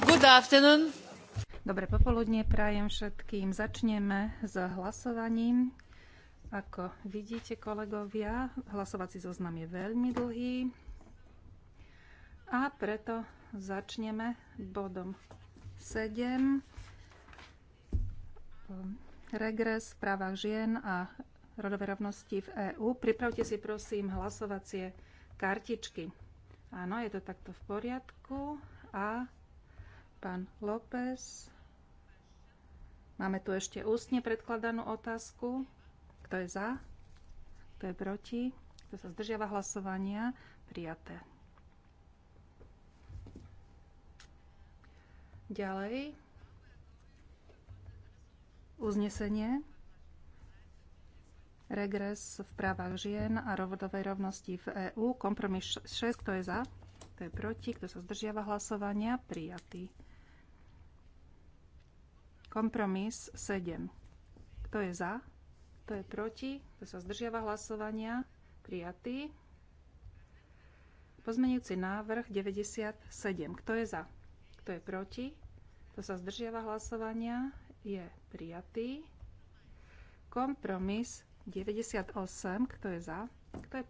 Good afternoon. Dobre popoludne prajem všetkým. Začneme s hlasovaním. Ako vidíte, kolegovia, hlasovací zoznam je veľmi dlhý. A preto začneme bodom 7. Regres v právach žien a rodovej rovnosti v EÚ. Pripravte si prosím hlasovacie kartičky. Áno, je to takto v poriadku. A pán López. Máme tu ešte ústne predkladanú otázku. Kto je za? Kto je proti? Kto sa zdržiava hlasovania? Prijaté. Ďalej. Uznesenie. Regres v právach žien a rovodovej rovnosti v EÚ. Kompromis 6. Kto je za? Kto je proti? Kto sa zdržiava hlasovania? Prijatý. Kompromis 7. Kto je za? Kto je proti? Kto sa zdržiava hlasovania? Prijatý. Pozmeňujúci návrh 97. Kto je za? Kto je proti? Kto sa zdržiava hlasovania? Je prijatý. Kompromis 98. Kto je za? Kto je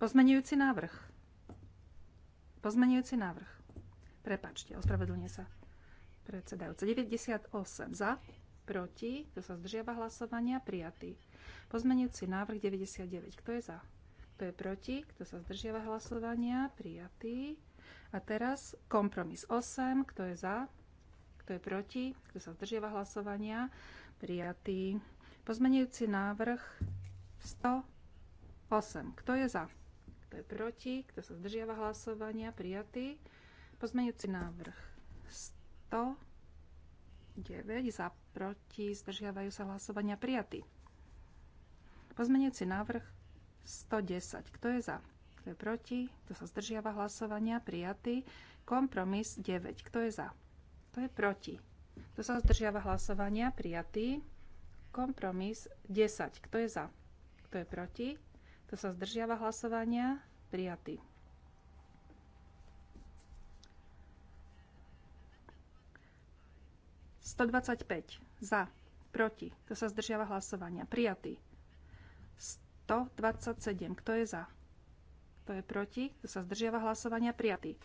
Pozmeňujúci návrh. Pozmeňujúci návrh. Prepačte, ospravedlňuje sa predsedajúca. 98 za, proti, kto sa zdržiava hlasovania, prijatý. Pozmenujúci návrh 99, kto je za? Kto je proti? Kto sa zdržiava hlasovania? Prijatý. A teraz kompromis 8, kto je za? Kto je proti? Kto sa zdržiava hlasovania? Prijatý. Pozmenujúci návrh 108, kto je za? Kto je proti? Kto sa zdržiava hlasovania? Prijatý. Pozmeňujúci návrh 109 za proti zdržiavajú sa hlasovania prijatý. Pozmeňujúci návrh 110. Kto je za? Kto je proti? Kto sa zdržiava hlasovania? Prijatý. Kompromis 9. Kto je za? Kto je proti? Kto sa zdržiava hlasovania? Prijatý. Kompromis 10. Kto je za? Kto je proti? Kto sa zdržiava hlasovania? Prijatý. 125 za, proti, kto sa zdržiava hlasovania, prijatý. 127, kto je za, kto je proti, kto sa zdržiava hlasovania, prijatý.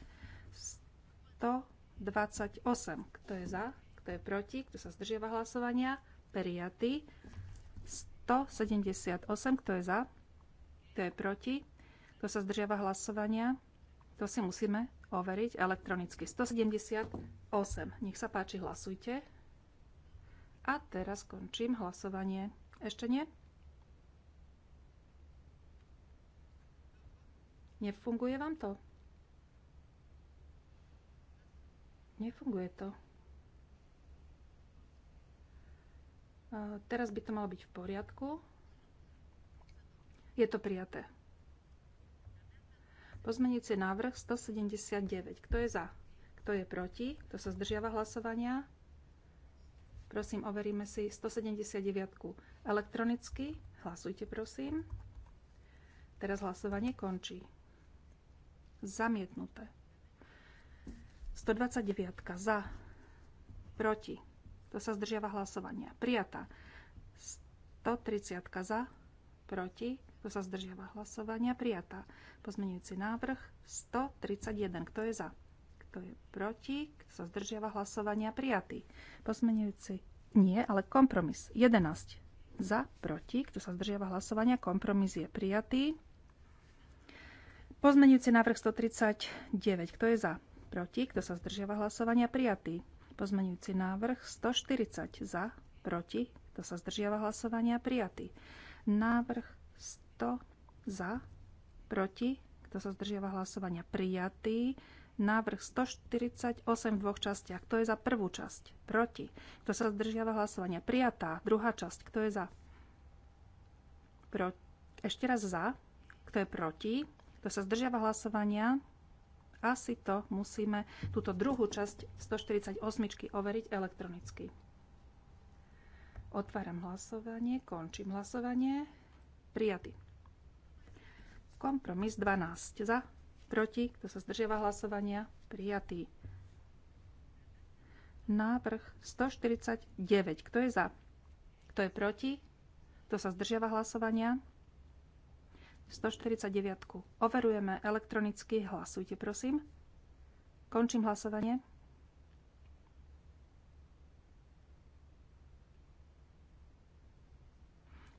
128, kto je za, kto je proti, kto sa zdržiava hlasovania, prijatý. 178, kto je za, kto je proti, kto sa zdržiava hlasovania, to si musíme overiť elektronicky. 178. Nech sa páči, hlasujte. A teraz skončím hlasovanie. Ešte nie? Nefunguje vám to? Nefunguje to. teraz by to malo byť v poriadku. Je to prijaté. Pozmenujúci návrh 179. Kto je za? Kto je proti? Kto sa zdržiava hlasovania? Prosím, overíme si 179 elektronicky. Hlasujte, prosím. Teraz hlasovanie končí. Zamietnuté. 129 za, proti. To sa zdržiava hlasovania. Prijatá. 130 za, proti. To sa zdržiava hlasovania. Prijatá. Pozmenujúci návrh 131. Kto je za? Kto je proti? Kto sa zdržiava hlasovania? Prijatý. Pozmenujúci nie, ale kompromis. 11. Za, proti. Kto sa zdržiava hlasovania? Kompromis je prijatý. Pozmenujúci návrh 139. Kto je za? Proti. Kto sa zdržiava hlasovania? Prijatý. Pozmenujúci návrh 140. Za, proti. Kto sa zdržiava hlasovania? Prijatý. Návrh 100. Za, proti. Kto sa zdržiava hlasovania? Prijatý. Návrh 148 v dvoch častiach. Kto je za prvú časť? Proti. Kto sa zdržiava hlasovania? Prijatá. Druhá časť. Kto je za? Pro... Ešte raz za. Kto je proti? Kto sa zdržiava hlasovania? Asi to musíme túto druhú časť 148 overiť elektronicky. Otváram hlasovanie, končím hlasovanie. Prijatý. Kompromis 12 za, Proti? Kto sa zdržiava hlasovania? Prijatý. Návrh 149. Kto je za? Kto je proti? Kto sa zdržiava hlasovania? 149. Overujeme elektronicky. Hlasujte, prosím. Končím hlasovanie.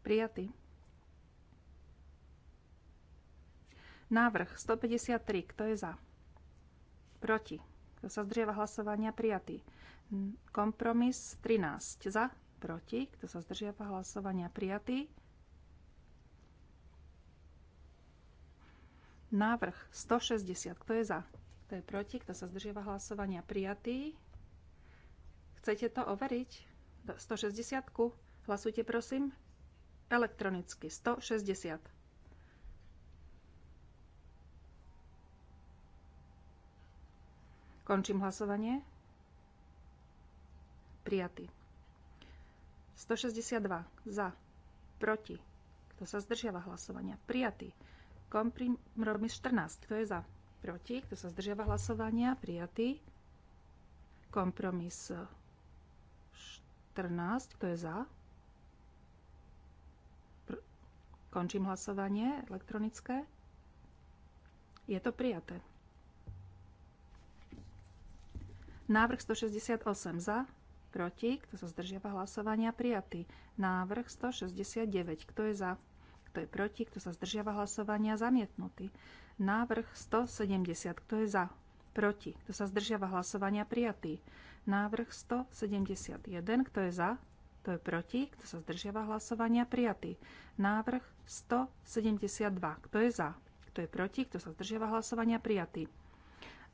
Prijatý. Návrh 153. Kto je za? Proti. Kto sa zdržiava hlasovania? Prijatý. Kompromis 13. Za? Proti. Kto sa zdržiava hlasovania? Prijatý. Návrh 160. Kto je za? Kto je proti? Kto sa zdržiava hlasovania? Prijatý. Chcete to overiť? 160. Hlasujte prosím. Elektronicky. 160. Končím hlasovanie. Prijatý. 162 za, proti. Kto sa zdržiava hlasovania? Prijatý. Kompromis 14. Kto je za? Proti. Kto sa zdržiava hlasovania? Prijatý. Kompromis 14. Kto je za? Pr Končím hlasovanie elektronické. Je to prijaté. Návrh 168 za, proti, kto sa zdržiava hlasovania, prijatý. Návrh 169, kto je za, kto je proti, kto sa zdržiava hlasovania, zamietnutý. Návrh 170, kto je za, proti, kto sa zdržiava hlasovania, prijatý. Návrh 171, kto je za, kto je proti, kto sa zdržiava hlasovania, prijatý. Návrh 172, kto je za, kto je proti, kto sa zdržiava hlasovania, prijatý.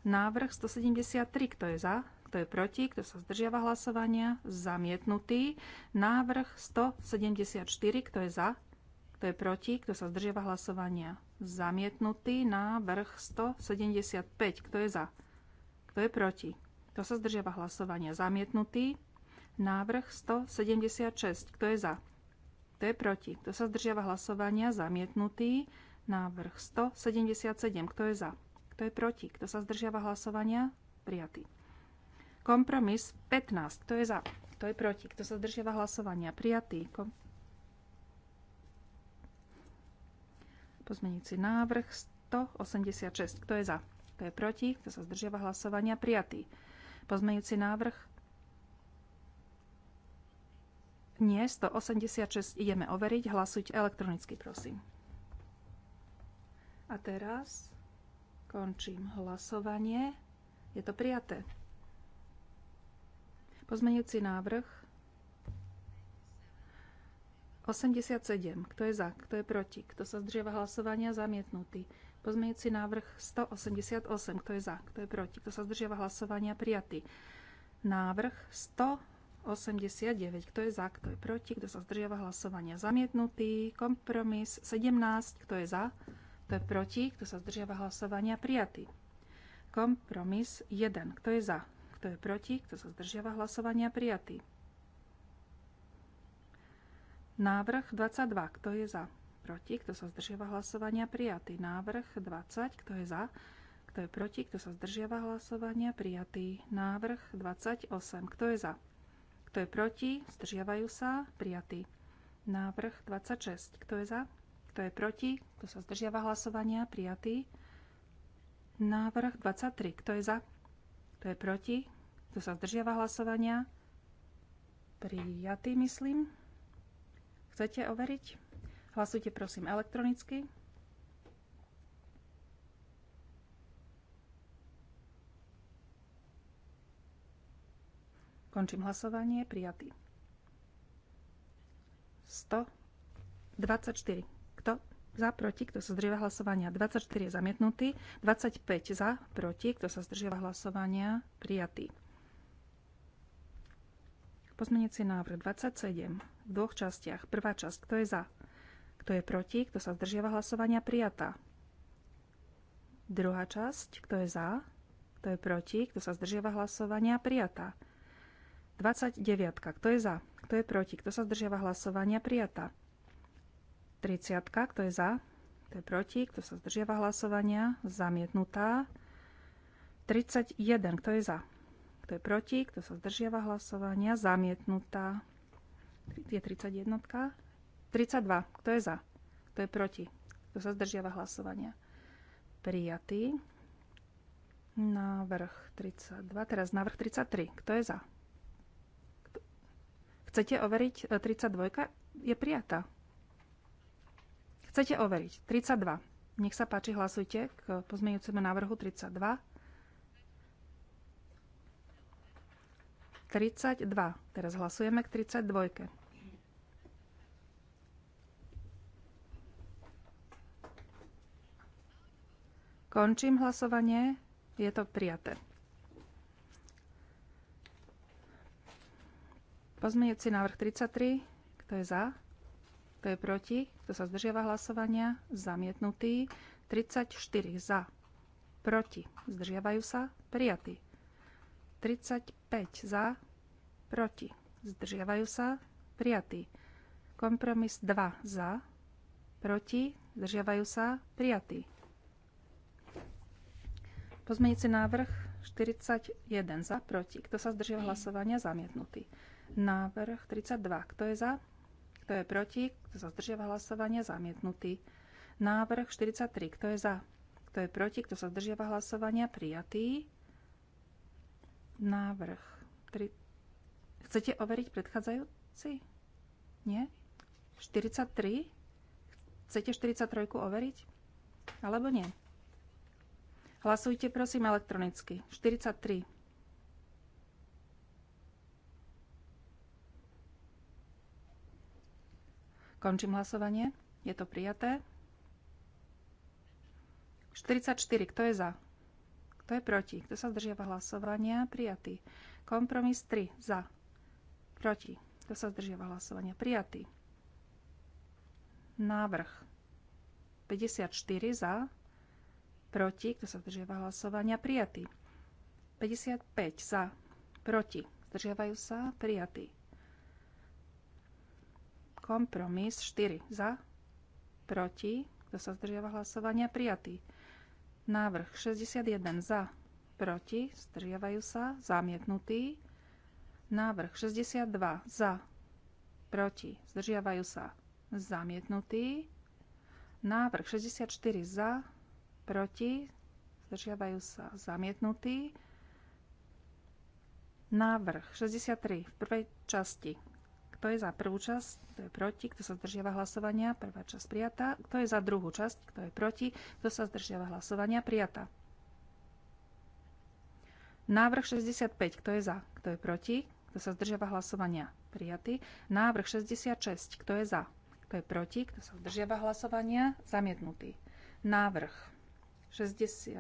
Návrh 173, kto je za, kto je proti, kto sa zdržiava hlasovania, zamietnutý. Návrh 174, kto je za, kto je proti, kto sa zdržiava hlasovania, zamietnutý. Návrh 175, kto je za, kto je proti, kto sa zdržiava hlasovania, zamietnutý. Návrh 176, kto je za, kto je proti, kto sa zdržiava hlasovania, zamietnutý. Návrh 177, kto je za, kto je proti? Kto sa zdržiava hlasovania? Prijatý. Kompromis 15. Kto je za? Kto je proti? Kto sa zdržiava hlasovania? Prijatý. Kom- návrh 186. Kto je za? Kto je proti? Kto sa zdržiava hlasovania? Prijatý. Pozmeňujúci návrh nie, 186 ideme overiť. Hlasujte elektronicky, prosím. A teraz Končím hlasovanie. Je to prijaté. Pozmenujúci návrh 87. Kto je za? Kto je proti? Kto sa zdržiava hlasovania? Zamietnutý. Pozmenujúci návrh 188. Kto je za? Kto je proti? Kto sa zdržiava hlasovania? Prijatý. Návrh 189. Kto je za? Kto je proti? Kto sa zdržiava hlasovania? Zamietnutý. Kompromis 17. Kto je za? Kto je proti? Kto sa zdržiava hlasovania? Prijatý. Kompromis 1. Kto je za? Kto je proti? Kto sa zdržiava hlasovania? Prijatý. Návrh 22. Kto je za? Proti? Kto sa zdržiava hlasovania? Prijatý. Návrh 20. Kto je za? Kto je proti? Kto sa zdržiava hlasovania? Prijatý. Návrh 28. Kto je za? Kto je proti? Zdržiavajú sa? Prijatý. Návrh 26. Kto je za? Kto je proti? Kto sa zdržiava hlasovania? Prijatý. Návrh 23. Kto je za? Kto je proti? Kto sa zdržiava hlasovania? Prijatý, myslím. Chcete overiť? Hlasujte prosím elektronicky. Končím hlasovanie. Prijatý. 124 za, proti, kto sa zdržiava hlasovania, 24 je zamietnutý, 25 za, proti, kto sa zdržiava hlasovania, prijatý. Pozmeniecie návrh 27 v dvoch častiach. Prvá časť, kto je za, kto je proti, kto sa zdržiava hlasovania, prijatá. Druhá časť, kto je za, kto je proti, kto sa zdržiava hlasovania, prijatá. 29. Kto je za? Kto je proti? Kto sa zdržiava hlasovania? Prijatá. 30. Kto je za? Kto je proti? Kto sa zdržiava hlasovania? Zamietnutá. 31. Kto je za? Kto je proti? Kto sa zdržiava hlasovania? Zamietnutá. Je 31. 32. Kto je za? Kto je proti? Kto sa zdržiava hlasovania? Prijatý. Návrh 32. Teraz návrh 33. Kto je za? Chcete overiť 32? E, je prijatá. Chcete overiť? 32. Nech sa páči, hlasujte k pozmeňujúcemu návrhu 32. 32. Teraz hlasujeme k 32. Končím hlasovanie. Je to prijaté. Pozmeňujúci návrh 33. Kto je za? Kto je proti? Kto sa zdržiava hlasovania? Zamietnutý. 34 za. Proti. Zdržiavajú sa? Prijatý. 35 za. Proti. Zdržiavajú sa? Prijatý. Kompromis 2 za. Proti. Zdržiavajú sa? Prijatý. Pozmeňujúci návrh 41 za. Proti. Kto sa zdržiava hlasovania? Zamietnutý. Návrh 32. Kto je za? Kto je proti? Kto sa zdržiava hlasovania? Zamietnutý. Návrh 43. Kto je za? Kto je proti? Kto sa zdržiava hlasovania? Prijatý. Návrh 3. Chcete overiť predchádzajúci? Nie? 43? Chcete 43 overiť? Alebo nie? Hlasujte prosím elektronicky. 43. Končím hlasovanie. Je to prijaté. 44. Kto je za? Kto je proti? Kto sa zdržiava hlasovania? Prijatý. Kompromis 3. Za. Proti. Kto sa zdržiava hlasovania? Prijatý. Návrh 54 za. Proti. Kto sa zdržiava hlasovania? Prijatý. 55 za. Proti. Zdržiavajú sa? Prijatý. Kompromis 4 za, proti, kto sa zdržiava hlasovania, prijatý. Návrh 61 za, proti, zdržiavajú sa, zamietnutý. Návrh 62 za, proti, zdržiavajú sa, zamietnutý. Návrh 64 za, proti, zdržiavajú sa, zamietnutý. Návrh 63 v prvej časti kto je za prvú časť? Kto je proti? Kto sa zdržiava hlasovania? Prvá časť prijatá. Kto je za druhú časť? Kto je proti? Kto sa zdržiava hlasovania? Prijatá. Návrh 65. Kto je za? Kto je proti? Kto sa zdržiava hlasovania? Prijatý. Návrh 66. Kto je za? Kto je proti? Kto sa zdržiava hlasovania? Zamietnutý. Návrh 67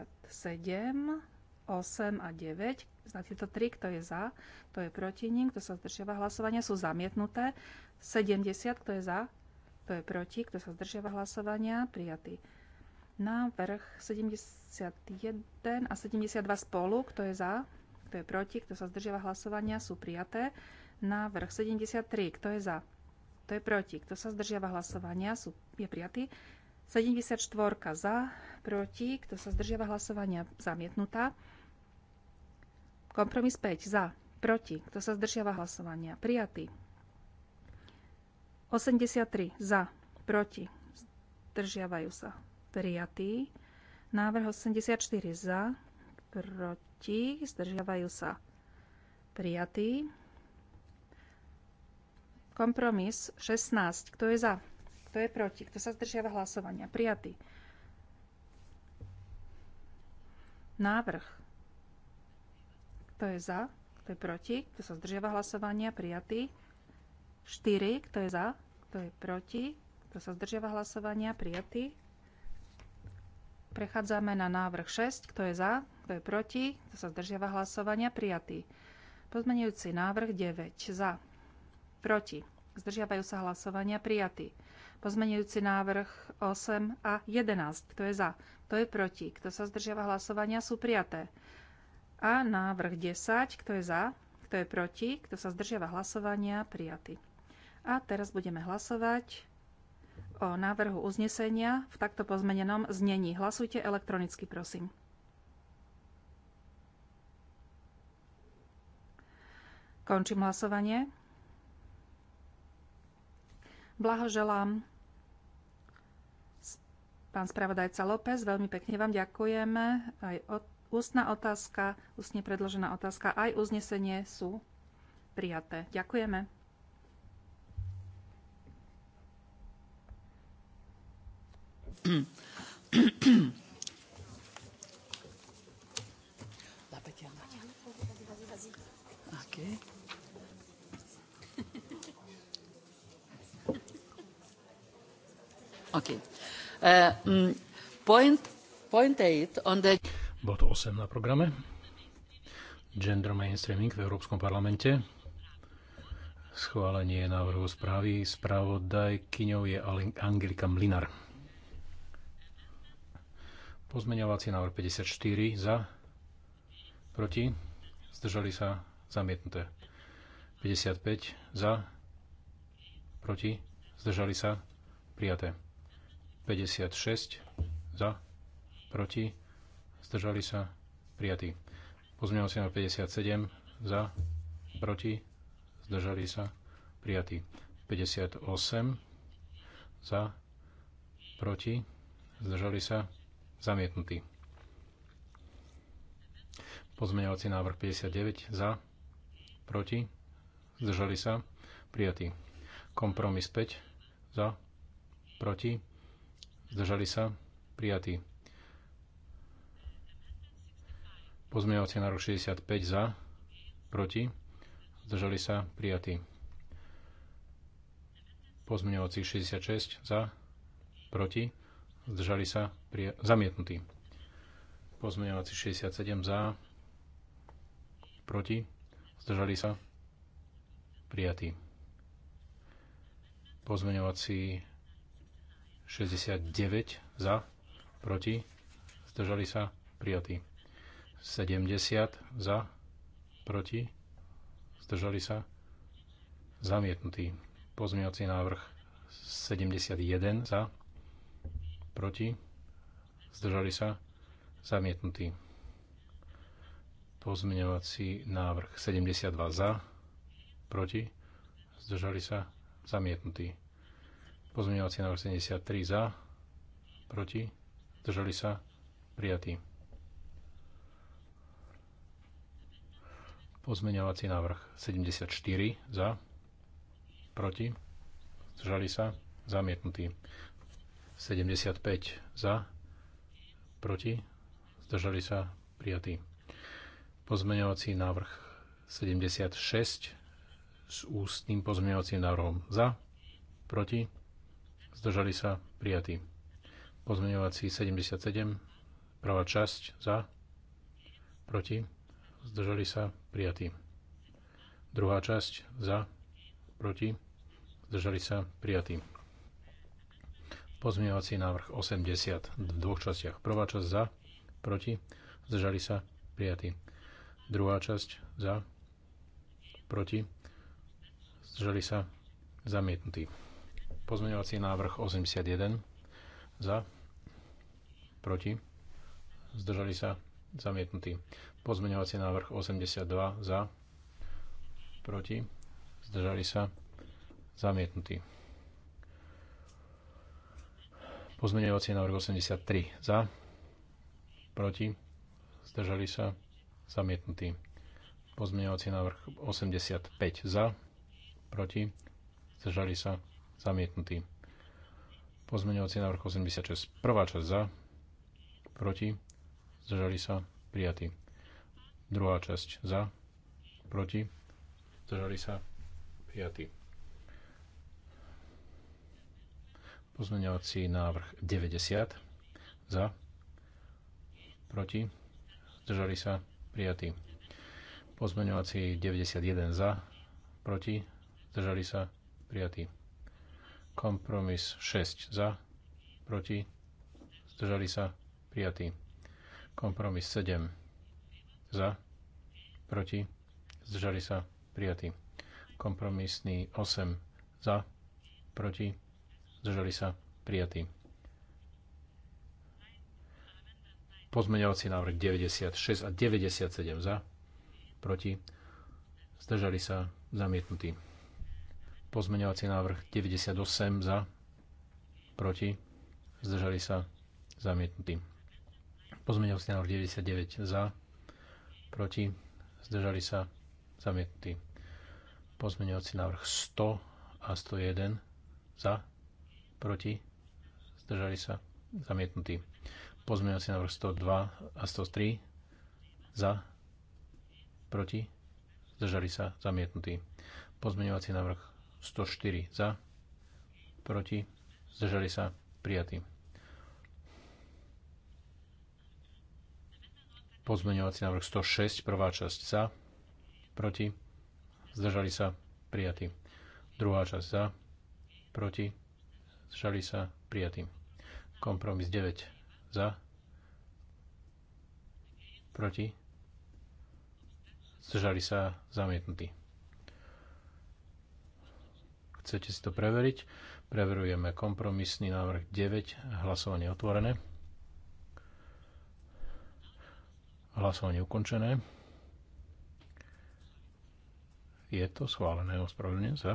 8 a 9. Za tieto 3, kto je za, kto je proti ním, kto sa zdržiava hlasovania, sú zamietnuté. 70, kto je za, kto je proti, kto sa zdržiava hlasovania, prijatý. Návrh 71 a 72 spolu, kto je za, kto je proti, kto sa zdržiava hlasovania, sú prijaté. Návrh 73, kto je za, kto je proti, kto sa zdržiava hlasovania, sú, je prijatý. 74 za, proti, kto sa zdržiava hlasovania, zamietnutá. Kompromis 5 za, proti, kto sa zdržiava hlasovania, prijatý. 83 za, proti, zdržiavajú sa, prijatý. Návrh 84 za, proti, zdržiavajú sa, prijatý. Kompromis 16. Kto je za? Kto je proti? Kto sa zdržiava hlasovania? Prijatý. Návrh kto je za? Kto je proti? Kto sa zdržiava hlasovania? Prijatý. 4. Kto je za? Kto je proti? Kto sa zdržiava hlasovania? Prijatý. Prechádzame na návrh 6. Kto je za? Kto je proti? Kto sa zdržiava hlasovania? Prijatý. Pozmenujúci návrh 9. Za. Proti. Zdržiavajú sa hlasovania? Prijatý. Pozmenujúci návrh 8 a 11. Kto je za? Kto je proti? Kto sa zdržiava hlasovania? Sú prijaté. A návrh 10, kto je za, kto je proti, kto sa zdržiava hlasovania, prijatý. A teraz budeme hlasovať o návrhu uznesenia v takto pozmenenom znení. Hlasujte elektronicky, prosím. Končím hlasovanie. Blahoželám pán spravodajca López, veľmi pekne vám ďakujeme aj od Ústna otázka, ústne predložená otázka aj uznesenie sú prijaté. Ďakujeme. Okay. Uh, mm, point, point eight on the... Bol to 8 na programe. Gender mainstreaming v Európskom parlamente. Schválenie návrhu správy. Spravodajkyňou je Angelika Mlinar. Pozmeňovací návrh 54 za, proti, zdržali sa, zamietnuté. 55 za, proti, zdržali sa, prijaté. 56 za, proti, zdržali sa, prijatý. si na 57 za, proti, zdržali sa, prijatý. 58 za, proti, zdržali sa, zamietnutý. Pozmeňovací návrh 59 za, proti, zdržali sa, prijatý. Kompromis 5 za, proti, zdržali sa, prijatý. Pozmeňovací návrh 65 za, proti, zdržali sa, prijatý. Pozmeňovací 66 za, proti, zdržali sa, prija- zamietnutý. Pozmeňovací 67 za, proti, zdržali sa, prijatý. Pozmeňovací 69 za, proti, zdržali sa, prijatý 70 za, proti, zdržali sa, zamietnutý. Pozmeňovací návrh 71 za, proti, zdržali sa, zamietnutý. Pozmeňovací návrh 72 za, proti, zdržali sa, zamietnutý. Pozmeňovací návrh 73 za, proti, zdržali sa, prijatý. Pozmeňovací návrh 74 za, proti, zdržali sa, zamietnutý. 75 za, proti, zdržali sa, prijatý. Pozmeňovací návrh 76 s ústnym pozmeňovacím návrhom za, proti, zdržali sa, prijatý. Pozmeňovací 77, prvá časť za, proti, zdržali sa, prijatý. Druhá časť za, proti, zdržali sa, prijatý. Pozmievací návrh 80 v dvoch častiach. Prvá časť za, proti, zdržali sa, prijatý. Druhá časť za, proti, zdržali sa, zamietnutý. Pozmeňovací návrh 81 za, proti, zdržali sa, zamietnutý. Pozmeňovací návrh 82 za, proti, zdržali sa, zamietnutý. Pozmeňovací návrh 83 za, proti, zdržali sa, zamietnutý. Pozmeňovací návrh 85 za, proti, zdržali sa, zamietnutý. Pozmeňovací návrh 86, prvá časť za, proti, zdržali sa, prijatý Druhá časť za, proti, zdržali sa, prijatý. Pozmeňovací návrh 90 za, proti, zdržali sa, prijatý. Pozmeňovací 91 za, proti, zdržali sa, prijatý. Kompromis 6 za, proti, zdržali sa, prijatý. Kompromis 7 za. Proti. Zdržali sa. Prijatý. Kompromisný 8. Za. Proti. Zdržali sa. Prijatý. Pozmeňovací návrh 96 a 97 za. Proti. Zdržali sa. Zamietnutý. Pozmeňovací návrh 98 za. Proti. Zdržali sa. Zamietnutý. Pozmeňovací návrh 99 za proti, zdržali sa zamietnutí. Pozmeňovací návrh 100 a 101 za, proti, zdržali sa zamietnutí. Pozmeňovací návrh 102 a 103 za, proti, zdržali sa zamietnutí. Pozmeňovací návrh 104 za, proti, zdržali sa prijatí. Pozmeňovací návrh 106, prvá časť za, proti, zdržali sa, prijatý. Druhá časť za, proti, zdržali sa, prijatý. Kompromis 9 za, proti, zdržali sa, zamietnutý. Chcete si to preveriť? Preverujeme kompromisný návrh 9, hlasovanie otvorené. Hlasovanie ukončené. Je to schválené, ospravedlňujem sa.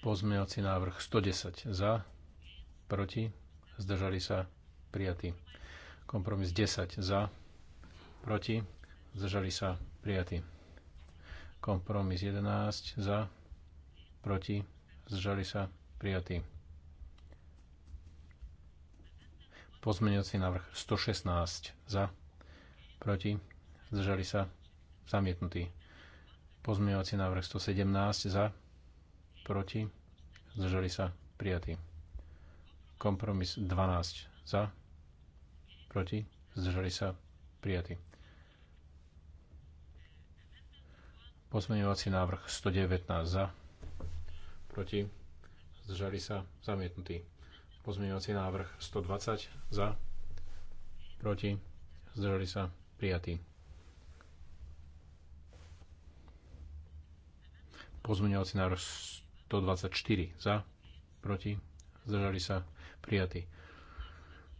Pozmeňovací návrh 110 za, proti, zdržali sa, prijatý. Kompromis 10 za, proti, zdržali sa, prijatý. Kompromis 11 za, proti, zdržali sa, prijatý. Pozmeňovací návrh 116 za, proti, zdržali sa, zamietnutý. Pozmeňovací návrh 117 za, proti, zdržali sa, prijatý. Kompromis 12 za, proti, zdržali sa, prijatý. Pozmeňovací návrh 119 za, proti, zdržali sa, zamietnutý. Pozmeňovací návrh 120 za, proti, zdržali sa, prijatý. Pozmeňovací návrh 124 za, proti, zdržali sa, prijatý.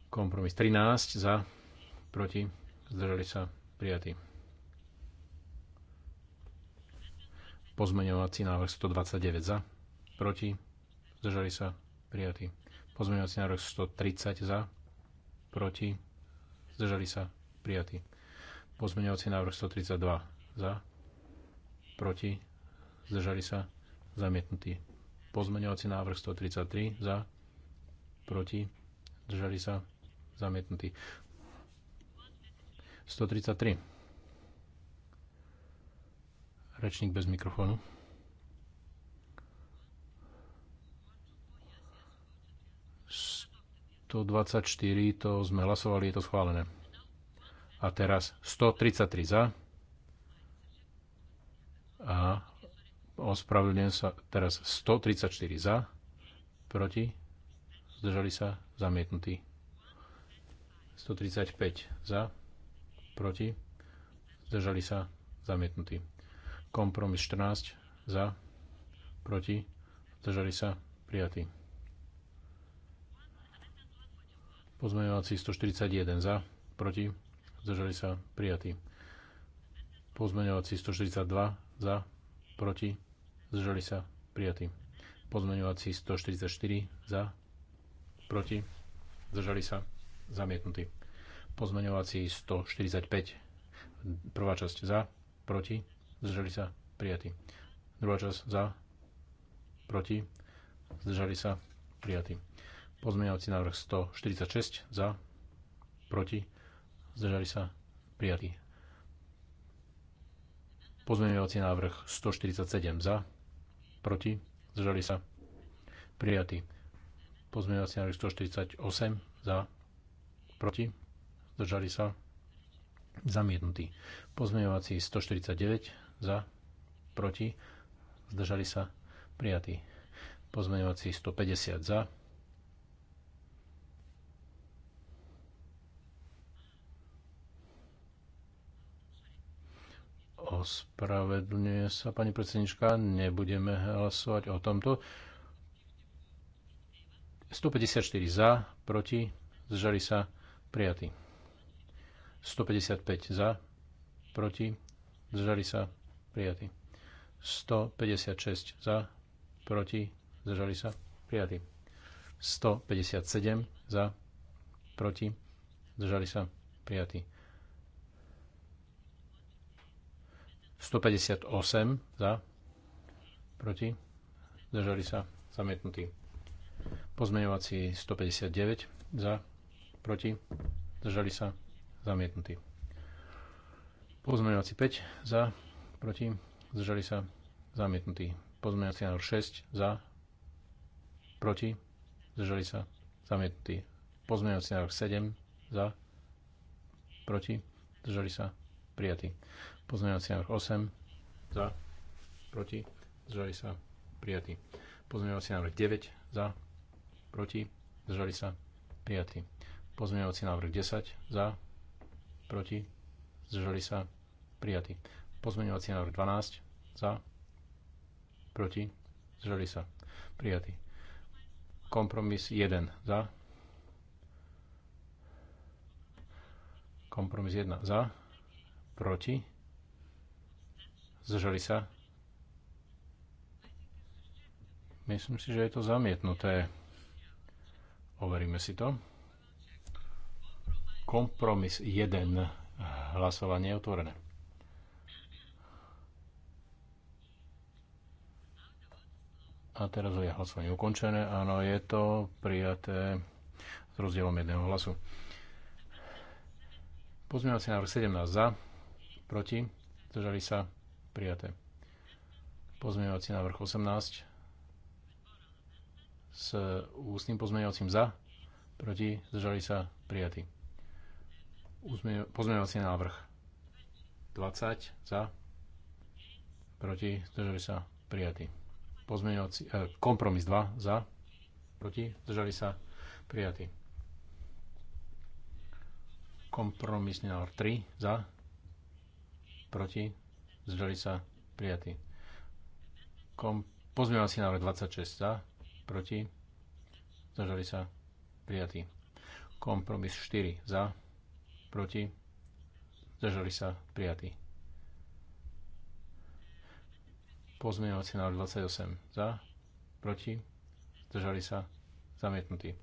Kompromis 13 za, proti, zdržali sa, prijatý. Pozmeňovací návrh 129 za, proti, zdržali sa, prijatý. Pozmeňovací návrh 130 za, proti, zdržali sa, prijatý. Pozmeňovací návrh 132 za, proti, zdržali sa, zamietnutý. Pozmeňovací návrh 133 za, proti, zdržali sa, zamietnutý. 133. Rečník bez mikrofónu. 124, to sme hlasovali, je to schválené. A teraz 133 za. A ospravedlňujem sa, teraz 134 za. Proti. Zdržali sa. Zamietnutí. 135 za. Proti. Zdržali sa. Zamietnutí. Kompromis 14 za. Proti. Zdržali sa. Prijatý. Pozmeňovací 141 za, proti, zdržali sa, prijatý. Pozmeňovací 142 za, proti, zdržali sa, prijatý. Pozmeňovací 144 za, proti, zdržali sa, zamietnutý. Pozmeňovací 145, prvá časť za, proti, zdržali sa, prijatý. Druhá časť za, proti, zdržali sa, prijatý. Pozmeňovací návrh 146 za, proti, zdržali sa, prijatý. Pozmeňovací návrh 147 za, proti, zdržali sa, prijatý. Pozmeňovací návrh 148 za, proti, zdržali sa, zamietnutý. Pozmeňovací 149 za, proti, zdržali sa, prijatý. Pozmeňovací 150 za, Ospravedlňuje sa pani predsednička, nebudeme hlasovať o tomto. 154 za, proti, zžali sa, prijatý. 155 za, proti, zžali sa, prijatý. 156 za, proti, zžali sa, prijatý. 157 za, proti, zžali sa, prijatý. 158 za, proti, zdržali sa, zamietnutý. Pozmeňovací 159 za, proti, zdržali sa, zamietnutý. Pozmeňovací 5 za, proti, zdržali sa, zamietnutý. Pozmeňovací 6 za, proti, zdržali sa, zamietnutý. Pozmeňovací návrh 7 za, proti, zdržali sa, prijatý. Pozmeňovací návrh 8. Za. Proti. Zdržali sa. Prijatý. Pozmeňovací návrh 9. Za. Proti. Zdržali sa. Prijatý. Pozmeňovací návrh 10. Za. Proti. Zdržali sa. Prijatý. Pozmeňovací návrh 12. Za. Proti. Zdržali sa. Prijatý. Kompromis 1. Za. Kompromis 1. Za. Proti Zdržali sa? Myslím si, že je to zamietnuté. Overíme si to. Kompromis 1. Hlasovanie je otvorené. A teraz je hlasovanie ukončené. Áno, je to prijaté s rozdielom jedného hlasu. Pozmeňovací návrh 17 za, proti, zdržali sa Prijaté. Pozmeňovací návrh 18 s ústnym pozmeňovacím za, proti, zdržali sa, prijatý. Pozmeňovací návrh 20 za, proti, zdržali sa, prijatý. Pozmeňovací, eh, kompromis 2 za, proti, zdržali sa, prijatý. Kompromisný návrh 3 za, proti, Zdali sa prijatí. Kom, asi návrh 26 za, proti, zdržali sa prijatí. Kompromis 4 za, proti, zdržali sa prijatí. Pozmievací návrh 28 za, proti, zdržali sa zamietnutí.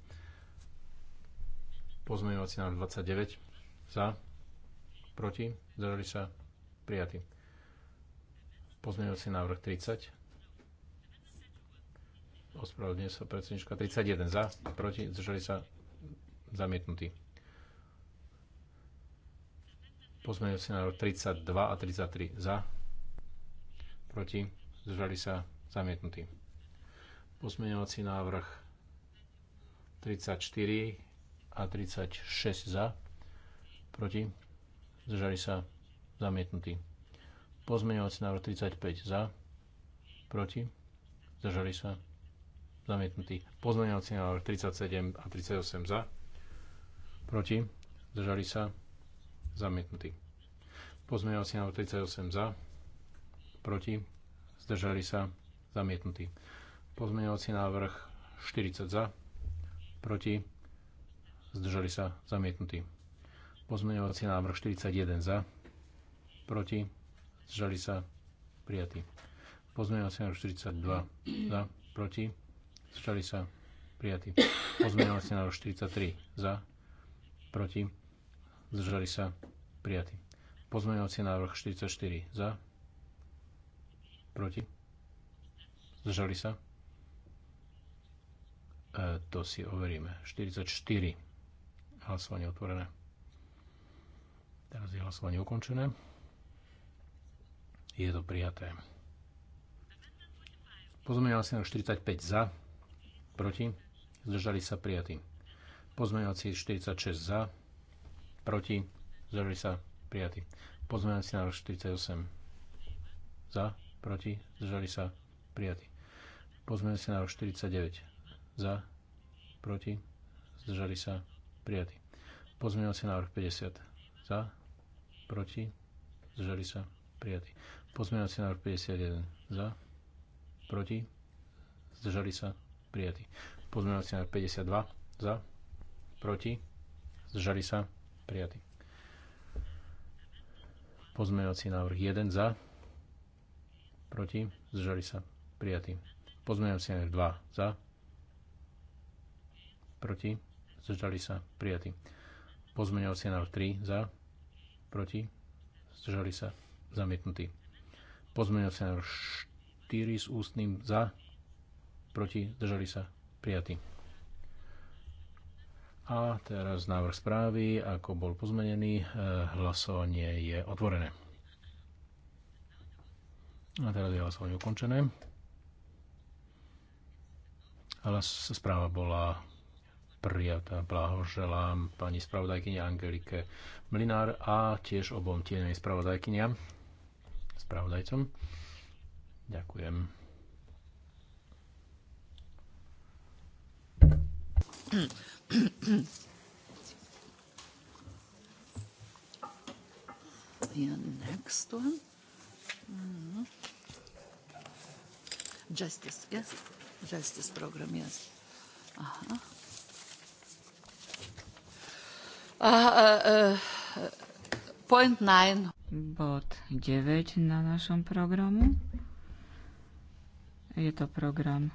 Pozmeňovací návrh 29 za, proti, zdržali sa prijatí. Pozmeňovací návrh 30. Ospravedlňuje sa predsednička 31 za, proti, zdržali sa zamietnutí. Pozmeňovací návrh 32 a 33 za, proti, zdržali sa zamietnutí. Pozmeňovací návrh 34 a 36 za, proti, zdržali sa zamietnutí Pozmeňovací návrh 35 za, proti, zdržali sa, zamietnutý. Pozmeňovací návrh 37 a 38 za, proti, zdržali sa, zamietnutý. Pozmeňovací návrh 38 za, proti, zdržali sa, zamietnutý. Pozmeňovací návrh 40 za, proti, zdržali sa, zamietnutý. Pozmeňovací návrh 41 za, proti, zdržali sa prijatí. Pozmeňovací návrh 42 za, proti, zdržali sa prijatí. Pozmeňovací návrh 43 za, proti, zdržali sa prijatí. Pozmeňovací návrh 44 za, proti, zdržali sa. E, to si overíme. 44. Hlasovanie otvorené. Teraz je hlasovanie ukončené. Je to prijaté. Pozmeňovací na 45 za, proti, zdržali sa prijatí. Pozmeňovací 46 za, proti, zdržali sa prijatí. Pozmeňovací na 48 za, proti, zdržali sa prijatí. Pozmeňovací na 49 za, proti, zdržali sa prijatí. Pozmeňovací návrh 50 za, proti, zdržali sa prijatí. Pozmeňovací návrh 51 za, proti, zdržali sa, prijatý. Pozmeňovací návrh 52 za, proti, zdržali sa, prijatý. Pozmeňovací návrh 1 za, proti, zdržali sa, prijatý. Pozmeňovací návrh 2 za, proti, zdržali sa, prijatý. Pozmeňovací návrh 3 za, proti, zdržali sa, zamietnutý. Pozmeňovací návrh 4 s ústnym za, proti, zdržali sa, prijatý. A teraz návrh správy, ako bol pozmenený, eh, hlasovanie je otvorené. A teraz je hlasovanie ukončené. Hlas správa bola prijatá. Blahoželám pani spravodajkyni Angelike Mlinár a tiež obom tieňovým spravodajkyniam spravodajcom. Ďakujem. Yeah, next one. Mm-hmm. Justice, yes. Justice program, yes. Aha. Uh, uh, uh, point nine bod 9 na našom programu. Je to program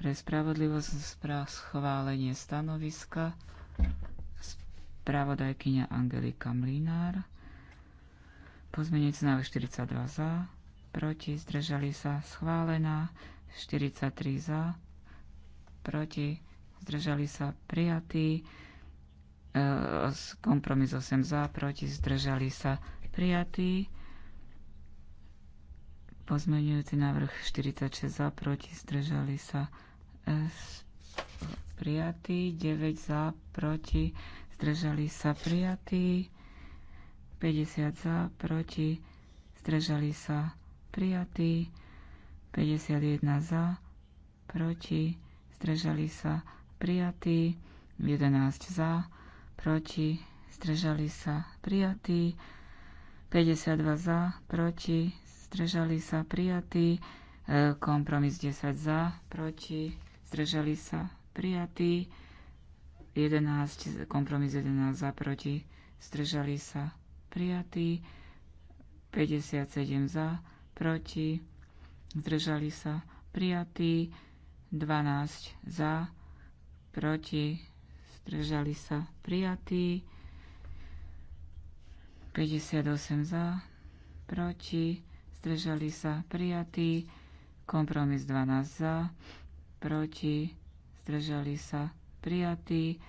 pre spravodlivosť a schválenie stanoviska spravodajkyňa Angelika Mlinár. Pozmeniec návrh 42 za, proti, zdržali sa, schválená, 43 za, proti, zdržali sa, prijatí, e, kompromis 8 za, proti, zdržali sa, prijatý. Pozmenujúci návrh 46 e, za, proti, zdržali sa prijatý. 9 za, proti, zdržali sa prijatý. 50 za, proti, zdržali sa prijatý. 51 za, proti, zdržali sa prijatý. 11 za, proti, zdržali sa prijatí, 52 za, proti, zdržali sa prijatí, e, kompromis 10 za, proti, zdržali sa prijatí, 11, kompromis 11 za, proti, zdržali sa prijatí, 57 za, proti, zdržali sa prijatí, 12 za, proti, zdržali sa prijatí, 58 za, proti, zdržali sa prijatí, kompromis 12 za, proti, zdržali sa prijatí.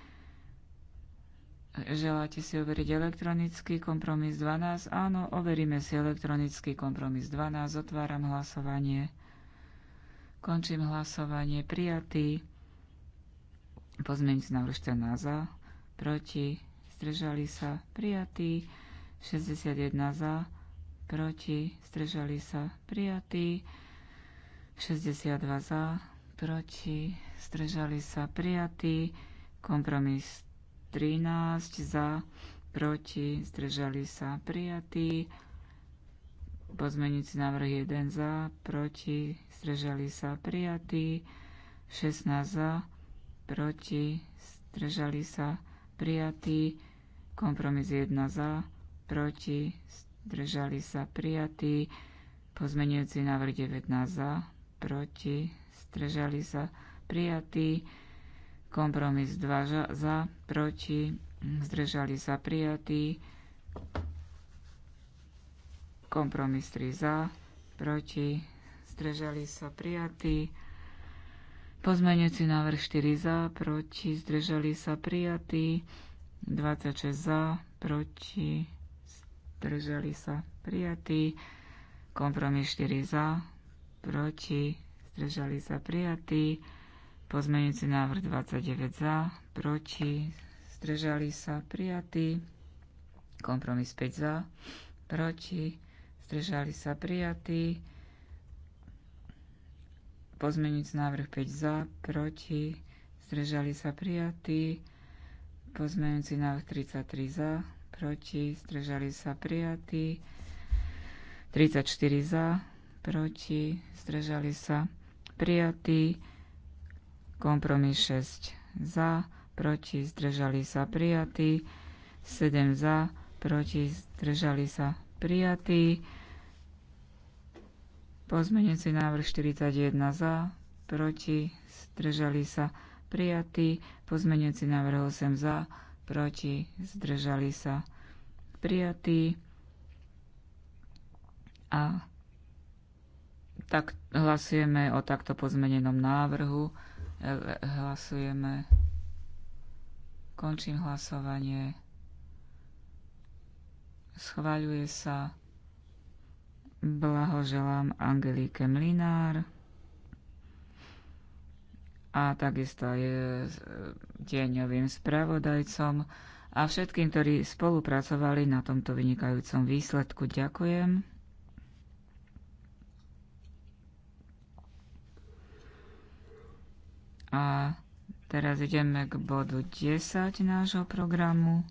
Želáte si overiť elektronický kompromis 12? Áno, overíme si elektronický kompromis 12. Otváram hlasovanie. Končím hlasovanie. Prijatý. Pozmeňte návrh 14 za. Proti. Zdržali sa. Prijatý. 61 za, proti, zdržali sa prijatí, 62 za, proti, zdržali sa prijatí, kompromis 13 za, proti, zdržali sa prijatí, pozmeňujúci návrh 1 za, proti, zdržali sa prijatí, 16 za, proti, zdržali sa prijatí, kompromis 1 za, proti, zdržali sa prijatí, pozmenujúci návrh 19 za, proti, zdržali sa prijatí, kompromis 2 za, proti, zdržali sa prijatí, kompromis 3 za, proti, zdržali sa prijatí, pozmenujúci návrh 4 za, proti, zdržali sa prijatí, 26 za, proti, zdržali sa prijatí, kompromis 4 za, proti, zdržali sa prijatí, pozmeňujúci návrh 29 za, proti, zdržali sa prijatí, kompromis 5 za, proti, zdržali sa prijatí, pozmeňujúci návrh 5 za, proti, zdržali sa prijatí, pozmeňujúci návrh 33 za, proti, zdržali sa prijatí. 34 za, proti, zdržali sa prijatí. Kompromis 6 za, proti, zdržali sa prijatí. 7 za, proti, zdržali sa prijatí. Pozmenujúci návrh 41 za, proti, zdržali sa prijatí. Pozmenujúci návrh 8 za, proti, zdržali sa prijatý a tak hlasujeme o takto pozmenenom návrhu. Hlasujeme. Končím hlasovanie. Schváľuje sa. Blahoželám Angelíke Mlinár. A takisto je deňovým spravodajcom a všetkým, ktorí spolupracovali na tomto vynikajúcom výsledku. Ďakujem. A teraz ideme k bodu 10 nášho programu.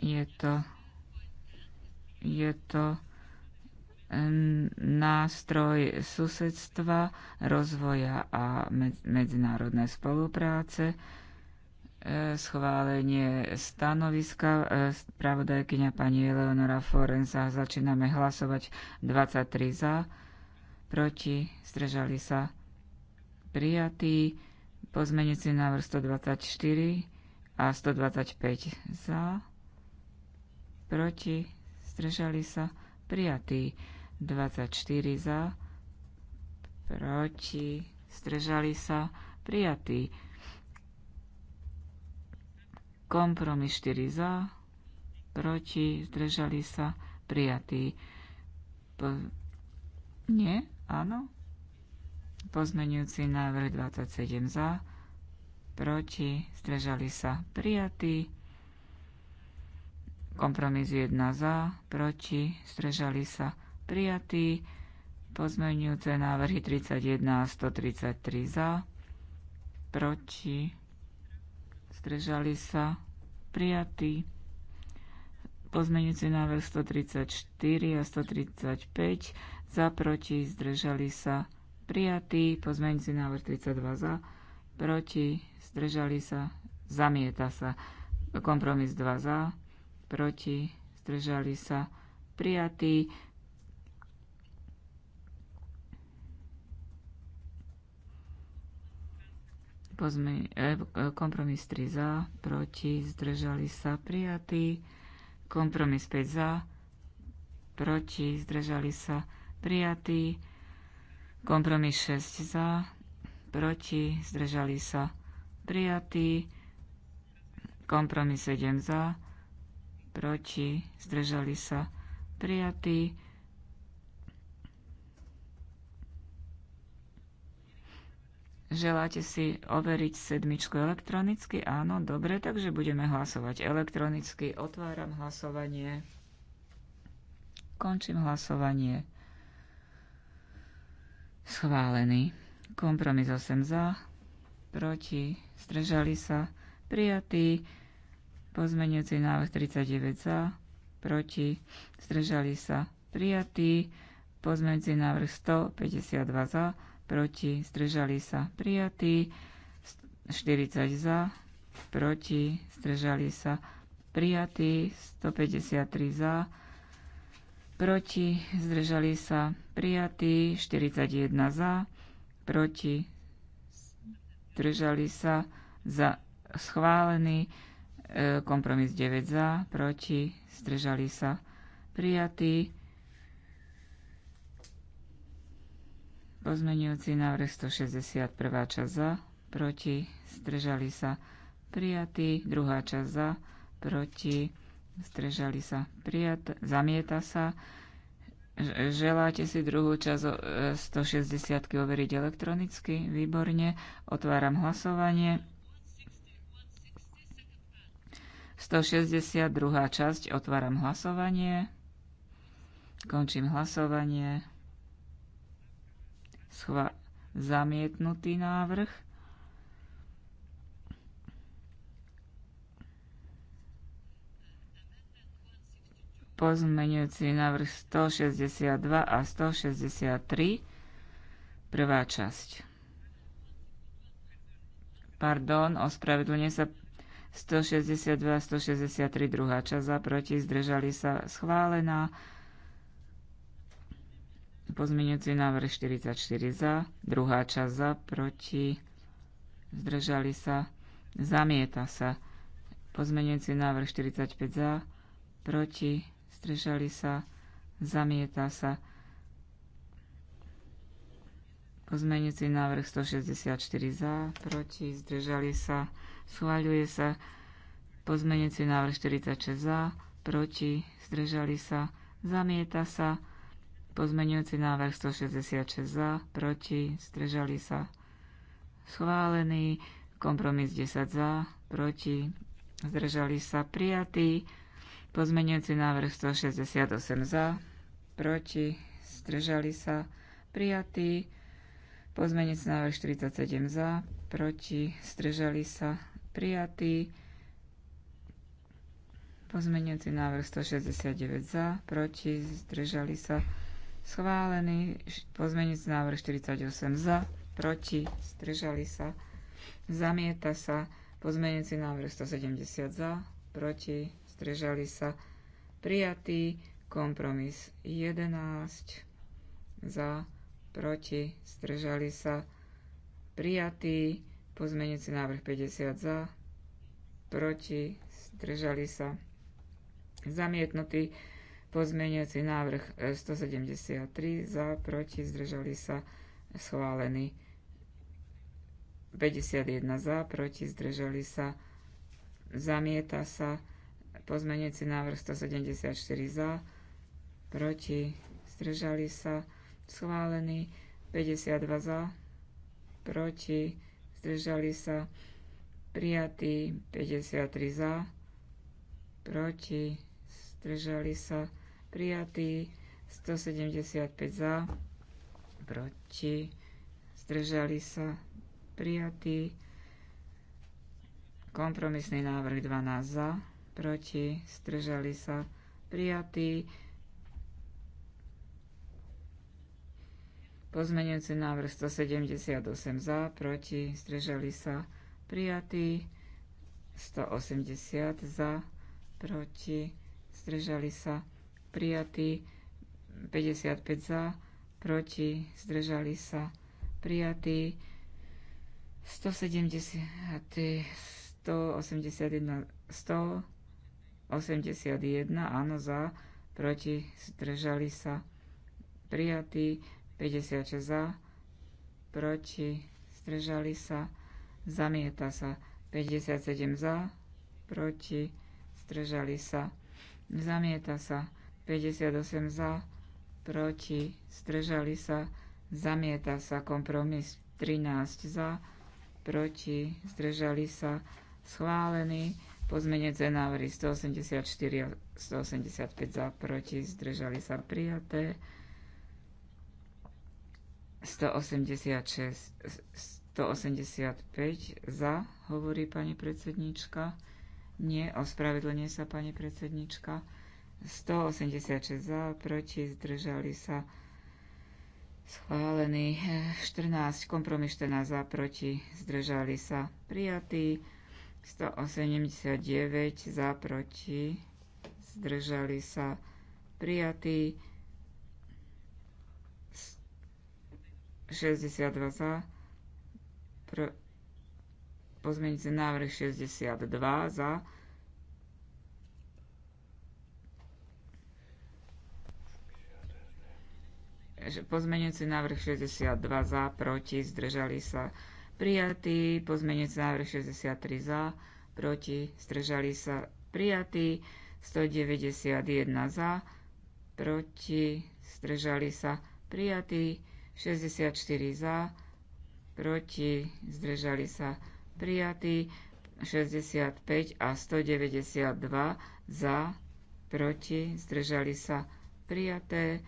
Je to, je to nástroj susedstva, rozvoja a medzinárodnej spolupráce, e, schválenie stanoviska. E, spravodajkyňa pani Eleonora Forensa začíname hlasovať 23 za, proti, zdržali sa prijatý pozmenici návrh 124 a 125 za, proti, zdržali sa prijatý 24 za, proti, zdržali sa, prijatý. Kompromis 4 za, proti, zdržali sa, prijatý. Po... Nie? Áno? Pozmenujúci návrh 27 za, proti, zdržali sa, prijatý. Kompromis 1 za, proti, zdržali sa, prijatý prijatý. Pozmeňujúce návrhy 31 a 133 za, proti, zdržali sa, prijatý. Pozmeňujúci návrh 134 a 135 za, proti, zdržali sa, prijatý. Pozmeňujúci návrh 32 za, proti, zdržali sa, zamieta sa. Kompromis 2 za, proti, zdržali sa, prijatý Pozme, e, e, kompromis 3 za, proti, zdržali sa prijatí. Kompromis 5 za, proti, zdržali sa prijatí. Kompromis 6 za, proti, zdržali sa prijatí. Kompromis 7 za, proti, zdržali sa prijatí. Želáte si overiť sedmičku elektronicky? Áno, dobre, takže budeme hlasovať elektronicky. Otváram hlasovanie. Končím hlasovanie. Schválený. Kompromis 8 za, proti, zdržali sa, prijatý. Pozmenujúci návrh 39 za, proti, zdržali sa, prijatý. Pozmenujúci návrh 152 za, proti, zdržali sa prijatí, 40 za, proti, zdržali sa prijatí, 153 za, proti, zdržali sa prijatí, 41 za, proti, zdržali sa za schválený, e, kompromis 9 za, proti, zdržali sa prijatí, Pozmenujúci návrh 161. časť za, proti, zdržali sa prijatý, druhá časť za, proti, zdržali sa prijat, zamieta sa. Želáte si druhú časť 160 e, overiť elektronicky? Výborne. Otváram hlasovanie. 162. časť. Otváram hlasovanie. Končím hlasovanie schva- zamietnutý návrh. Pozmeňujúci návrh 162 a 163, prvá časť. Pardon, ospravedlne sa 162 a 163, druhá časť, za proti, zdržali sa schválená. Pozmeňujúci návrh 44 za, druhá časť za, proti, zdržali sa, zamieta sa. Pozmeňujúci návrh 45 za, proti, zdržali sa, zamieta sa. Pozmeňujúci návrh 164 za, proti, zdržali sa, schváľuje sa. Pozmeňujúci návrh 46 za, proti, zdržali sa, zamieta sa. Pozmenujúci návrh 166 za, proti, zdržali sa. Schválený. Kompromis 10 za, proti, zdržali sa. Prijatý. Pozmenujúci návrh 168 za, proti, zdržali sa. Prijatý. Pozmenujúci návrh 47 za, proti, zdržali sa. Prijatý. Pozmenujúci návrh 169 za, proti, zdržali sa. Schválený pozmeniť návrh 48 za, proti, stržali sa, zamieta sa. si návrh 170 za, proti, stržali sa. Prijatý kompromis 11 za, proti, stržali sa. Prijatý si návrh 50 za, proti, stržali sa. Zamietnutý Pozmeňujúci návrh 173 e, za, proti, zdržali sa, schválený. 51 za, proti, zdržali sa, zamieta sa. Pozmeňujúci návrh 174 za, proti, zdržali sa, schválený. 52 za, proti, zdržali sa, prijatý. 53 za, proti, zdržali sa, prijatý, 175 za, proti, zdržali sa, prijatý, kompromisný návrh 12 za, proti, zdržali sa, prijatý, pozmenujúci návrh 178 za, proti, zdržali sa, prijatý, 180 za, proti, zdržali sa, prijatý, prijatý 55 za, proti, zdržali sa, prijatý 170, 181, 181, áno, za, proti, zdržali sa, prijatý 56 za, proti, zdržali sa, zamieta sa 57 za, proti, zdržali sa, zamieta sa 58 za, proti, zdržali sa, zamieta sa kompromis 13 za, proti, zdržali sa, schválený, pozmenece návrhy 184 a 185 za, proti, zdržali sa, prijaté, 186, 185 za, hovorí pani predsednička, nie, ospravedlenie sa pani predsednička, 186 za, proti, zdržali sa schválený 14, kompromis 14 za, proti, zdržali sa prijatý 189 za, proti, zdržali sa prijatý 62 za, pro, pozmeňujúci návrh 62 za, Pozmenujúci návrh 62 za, proti, zdržali sa prijatý. Pozmenujúci návrh 63 za, proti, zdržali sa prijatý. 191 za, proti, zdržali sa prijatý. 64 za, proti, zdržali sa prijatý. 65 a 192 za, proti, zdržali sa prijaté.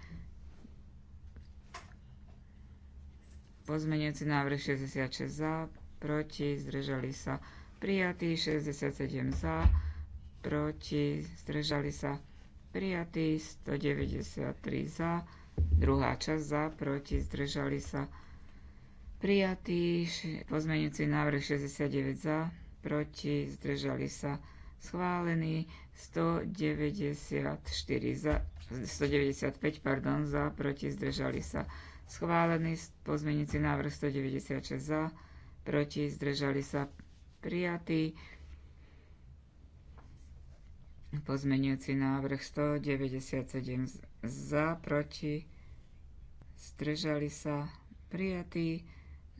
Pozmenujúci návrh 66 za, proti, zdržali sa prijatý, 67 za, proti, zdržali sa prijatý. 193 za, druhá časť za, proti, zdržali sa prijatý, pozmenujúci návrh 69 za, proti, zdržali sa schválený, 194 za, 195 pardon, za, proti, zdržali sa schválený pozmenici návrh 196 za, proti zdržali sa prijatý pozmenujúci návrh 197 za, proti zdržali sa prijatý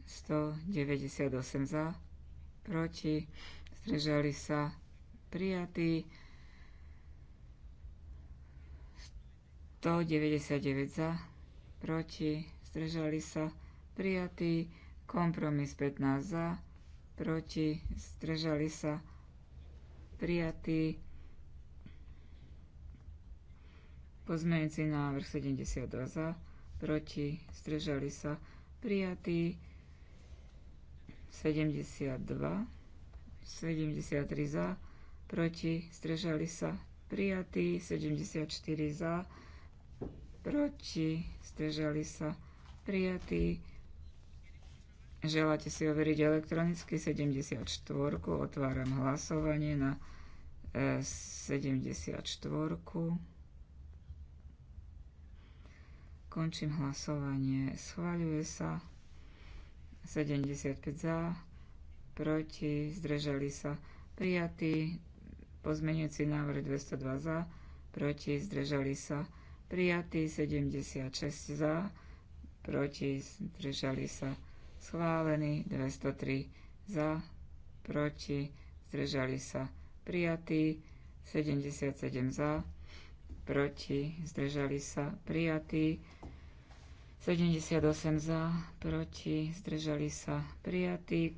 198 za, proti zdržali sa prijatý 199 za, proti zdržali sa, prijatý. Kompromis 15 za, proti, zdržali sa, prijatý. Pozmeňujúci návrh 72 za, proti, zdržali sa, prijatý. 72, 73 za, proti, zdržali sa, prijatý. 74 za, proti, zdržali sa, prijatý prijatý. Želáte si overiť elektronicky 74. Otváram hlasovanie na 74. E, Končím hlasovanie. Schváľuje sa 75 za, proti, zdržali sa prijatý. Pozmenujúci návrh 202 za, proti, zdržali sa prijatý. 76 za, proti, zdržali sa schválený, 203 za, proti, zdržali sa prijatí, 77 za, proti, zdržali sa prijatí, 78 za, proti, zdržali sa prijatí.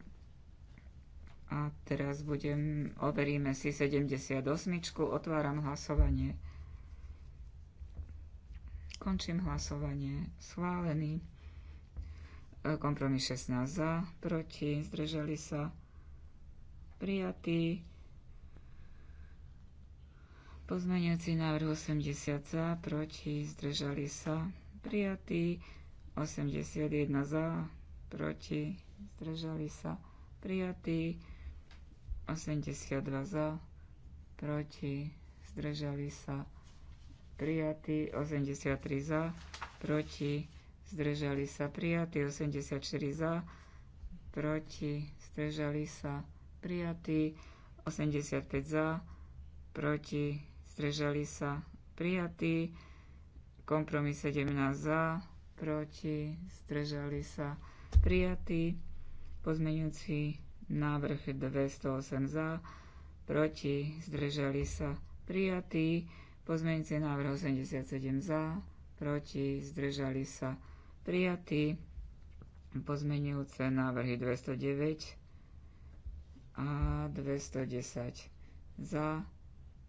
A teraz budem, overíme si 78, otváram hlasovanie. Končím hlasovanie. Schválený. E, kompromis 16 za, proti, zdržali sa. Prijatý. Pozmeňujúci návrh 80 za, proti, zdržali sa. Prijatý. 81 za, proti, zdržali sa. Prijatý. 82 za, proti, zdržali sa prijatý, 83 za, proti, zdržali sa prijatý, 84 za, proti, zdržali sa prijatý, 85 za, proti, zdržali sa prijatý, kompromis 17 za, proti, zdržali sa prijatý, pozmeňujúci návrh 208 za, proti, zdržali sa prijatý, Pozmeňujúci návrh 87 za, proti, zdržali sa prijatí. Pozmeňujúce návrhy 209 a 210 za,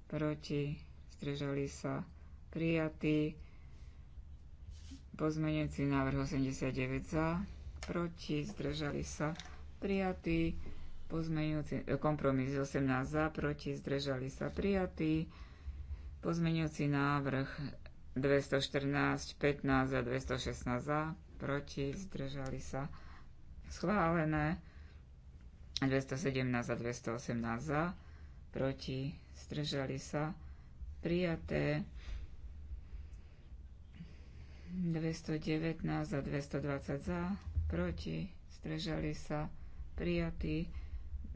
proti, zdržali sa prijatí. Pozmeňujúci návrh 89 za, proti, zdržali sa prijatí. Pozmeňujúci kompromis 18 za, proti, zdržali sa prijatí Pozmeňujúci návrh 214, 15 a 216 za, proti, zdržali sa schválené. 217 a 218 za, proti, zdržali sa prijaté. 219 a 220 za, proti, zdržali sa prijatí.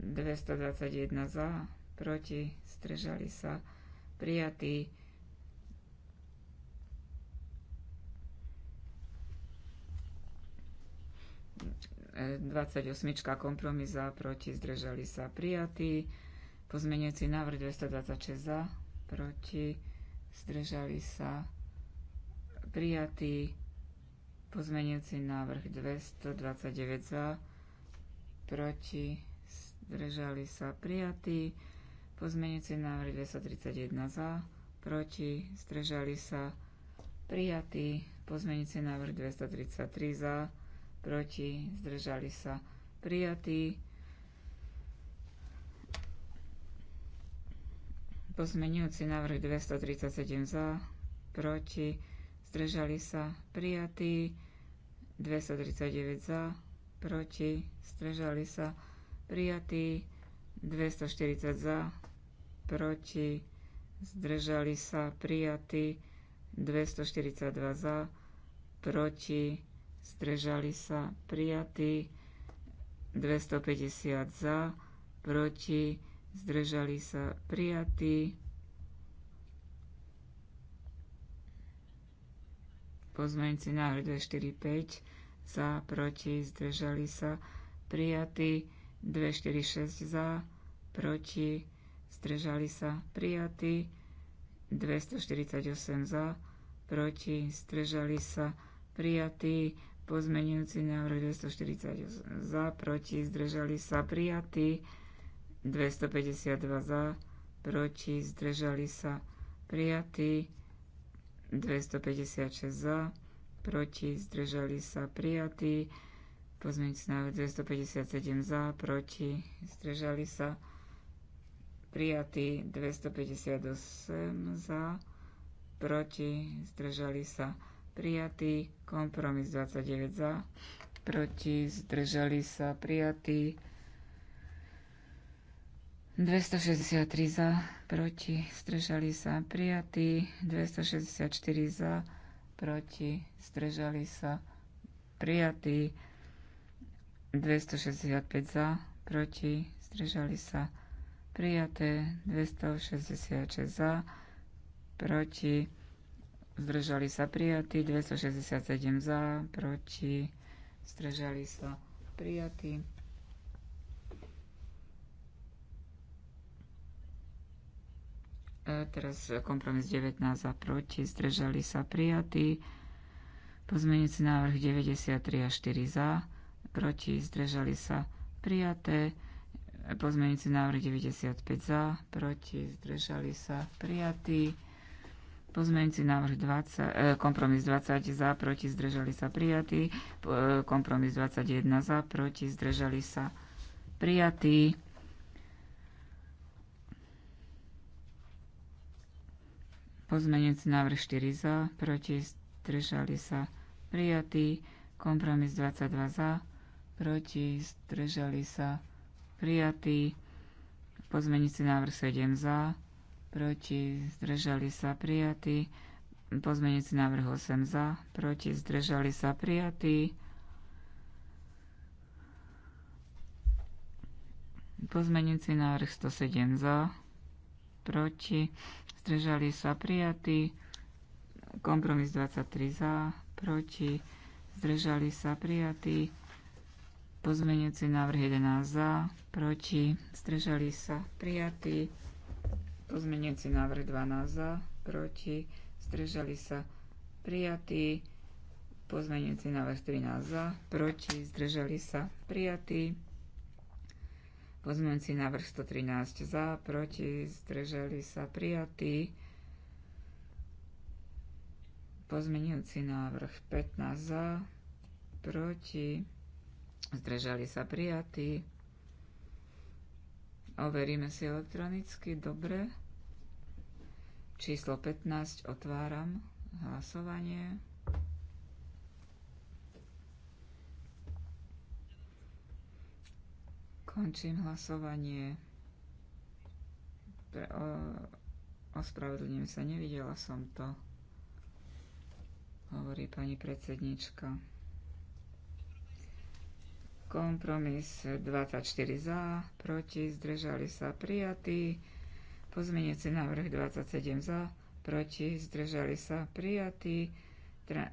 221 za, proti, zdržali sa prijatí prijatý. E, 28. kompromis za, proti, zdržali sa prijatý. Pozmeniaci návrh 226 za, proti, zdržali sa prijatý. Pozmeniaci návrh 229 za, proti, zdržali sa prijatý. Pozmenujúci návrh 231 za, proti, zdržali sa, prijatý. Pozmenujúci návrh 233 za, proti, zdržali sa, prijatý. Pozmenujúci návrh 237 za, proti, zdržali sa, prijatý. 239 za, proti, zdržali sa, prijatý. 240 za, proti, zdržali sa prijatí 242 za, proti, zdržali sa prijatí 250 za, proti, zdržali sa prijatí. Pozmeňci návrh 245 za, proti, zdržali sa prijatí 246 za, proti, zdržali sa prijatí, 248 za, proti, zdržali sa prijatí, pozmenujúci návrh 248 za, proti, zdržali sa prijatí, 252 za, proti, zdržali sa prijatí, 256 za, proti, zdržali sa prijatí, pozmeňujúci návrh 257 za, proti, zdržali sa prijatí, prijatý 258 za, proti, zdržali sa prijatý, kompromis 29 za, proti, zdržali sa prijatý, 263 za, proti, zdržali sa prijatý, 264 za, proti, zdržali sa prijatý, 265 za, proti, zdržali sa prijatý, Prijaté 266 za, proti, zdržali sa prijatí, 267 za, proti, zdržali sa prijatí. E, teraz kompromis 19 za, proti, zdržali sa prijatí. Pozmeňujúci návrh 93 a 4 za, proti, zdržali sa prijaté. Pozmeňujúci návrh 95 za, proti, zdržali sa, prijatý. Pozmeňujúci návrh 20, e, kompromis 20 za, proti, zdržali sa, prijatý. E, kompromis 21 za, proti, zdržali sa, prijatý. Pozmeňujúci návrh 4 za, proti, zdržali sa, prijatý. Kompromis 22 za, proti, zdržali sa, prijatý prijatý. Pozmenici návrh 7 za, proti, zdržali sa prijatý. Pozmenici návrh 8 za, proti, zdržali sa prijatý. Pozmenici návrh 107 za, proti, zdržali sa prijatý. Kompromis 23 za, proti, zdržali sa prijatý. Pozmenujúci návrh 11 za, proti, zdržali sa, prijatý. Pozmenujúci návrh 12 za, proti, zdržali sa, prijatý. Pozmenujúci návrh 13 za, proti, zdržali sa, prijatý. Pozmenujúci návrh 113 za, proti, zdržali sa, prijatý. Pozmenujúci návrh 15 za, proti, Zdržali sa prijatí. Overíme si elektronicky. Dobre. Číslo 15 otváram hlasovanie. Končím hlasovanie. Pre, o, ospravedlňujem sa, nevidela som to, hovorí pani predsednička. Kompromis 24 za, proti, zdržali sa prijatí. Pozmeniaci návrh 27 za, proti, zdržali sa prijatí.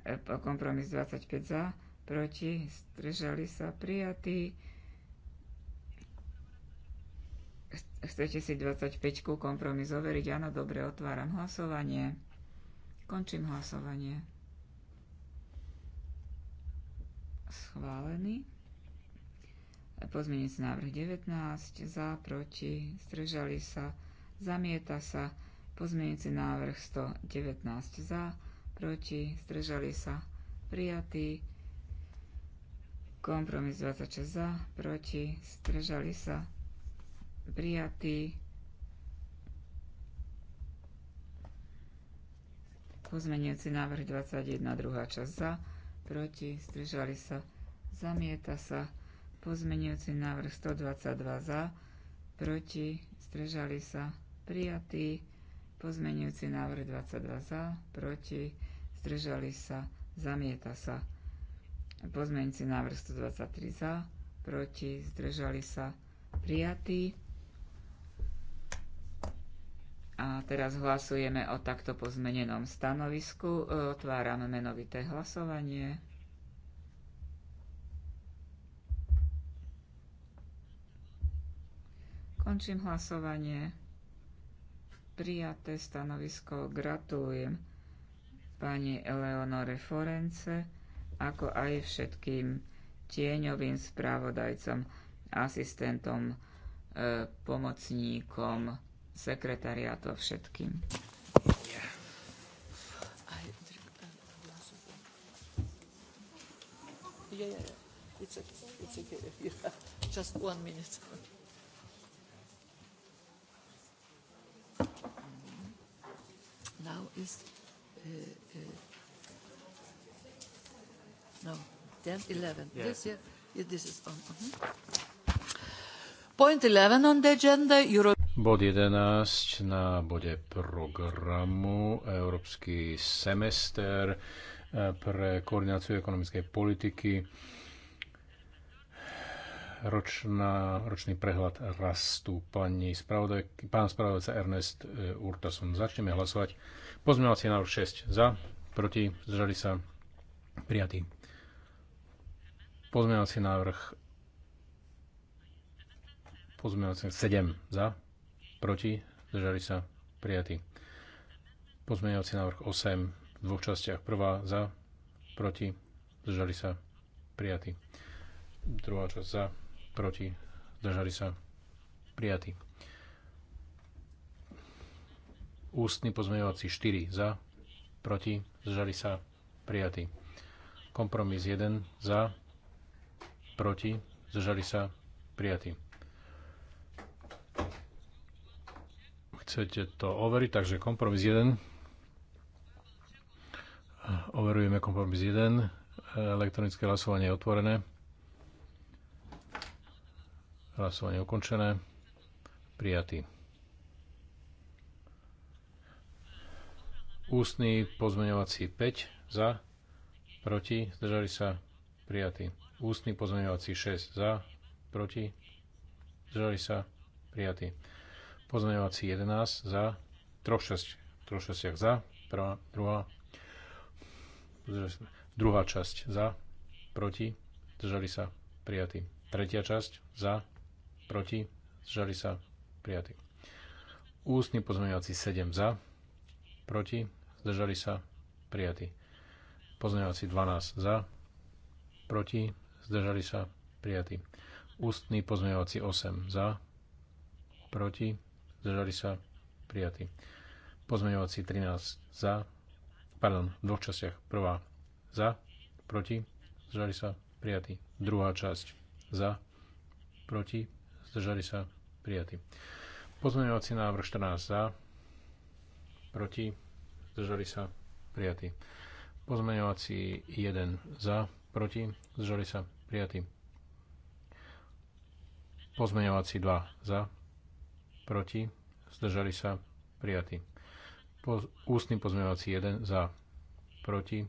E, kompromis 25 za, proti, zdržali sa prijatí. Chcete si 25-ku kompromis overiť? Áno, dobre, otváram hlasovanie. Končím hlasovanie. Schválený. Pozmienujúci návrh 19 za, proti, zdržali sa, zamieta sa. Pozmienujúci návrh 119 za, proti, zdržali sa, prijatý. Kompromis 26 za, proti, zdržali sa, prijatý. Pozmenujúci návrh 21, druhá časť za, proti, zdržali sa, zamieta sa. Pozmenujúci návrh 122 za, proti, zdržali sa, prijatý. pozmeňujúci návrh 22 za, proti, zdržali sa, zamieta sa. Pozmeňujúci návrh 123 za, proti, zdržali sa, prijatý. A teraz hlasujeme o takto pozmenenom stanovisku. Otváram menovité hlasovanie. Končím hlasovanie. Prijaté stanovisko. Gratulujem pani Eleonore Forence, ako aj všetkým tieňovým správodajcom, asistentom, e, pomocníkom, sekretariátu všetkým. Yeah, yeah, yeah. It's okay. It's okay. Yeah. Just one minute. now is uh, uh, no 10 11 yeah. this year yeah, this is on mm-hmm. point 11 on the agenda Euro Bod 11 na bode programu Európsky semester eh, pre koordináciu ekonomickej politiky ročná, ročný prehľad rastu. Pani pán spravodajca Ernest e, Urtasun, Začneme hlasovať. Pozmeňovací návrh 6 za, proti, zdržali sa, prijatý. Pozmeňovací návrh pozmeňovací 7 za, proti, zdržali sa, prijatý. Pozmeňovací návrh 8 v dvoch častiach. Prvá za, proti, zdržali sa, prijatý. Druhá časť za, proti, zdržali sa prijatí. Ústny pozmeňovací 4 za, proti, zdržali sa prijatí. Kompromis 1 za, proti, zdržali sa prijatí. Chcete to overiť, takže kompromis 1. Overujeme kompromis 1. Elektronické hlasovanie je otvorené. Hlasovanie ukončené. Prijatý. Ústny pozmeňovací 5 za, proti, zdržali sa, prijatý. Ústny pozmeňovací 6 za, proti, zdržali sa, prijatý. Pozmeňovací 11 za, troch šesť, troch šestiach za, prvá, druhá, druhá časť za, proti, zdržali sa, prijatý. Tretia časť za, proti, zdržali sa, prijatý. Ústny pozmeňovací 7 za, proti, zdržali sa, prijatý. Pozmeňovací 12 za, proti, zdržali sa, prijatý. Ústny pozmeňovací 8 za, proti, zdržali sa, prijatý. Pozmeňovací 13 za, pardon, v dvoch častiach. Prvá za, proti, zdržali sa, prijatý. Druhá časť za, proti, zdržali sa, prijatý. Pozmeňovací návrh 14 za, proti, zdržali sa, prijatý. Pozmeňovací 1 za, proti, zdržali sa, prijatý. Pozmeňovací 2 za, proti, zdržali sa, prijatý. Po, ústny pozmeňovací 1 za, proti,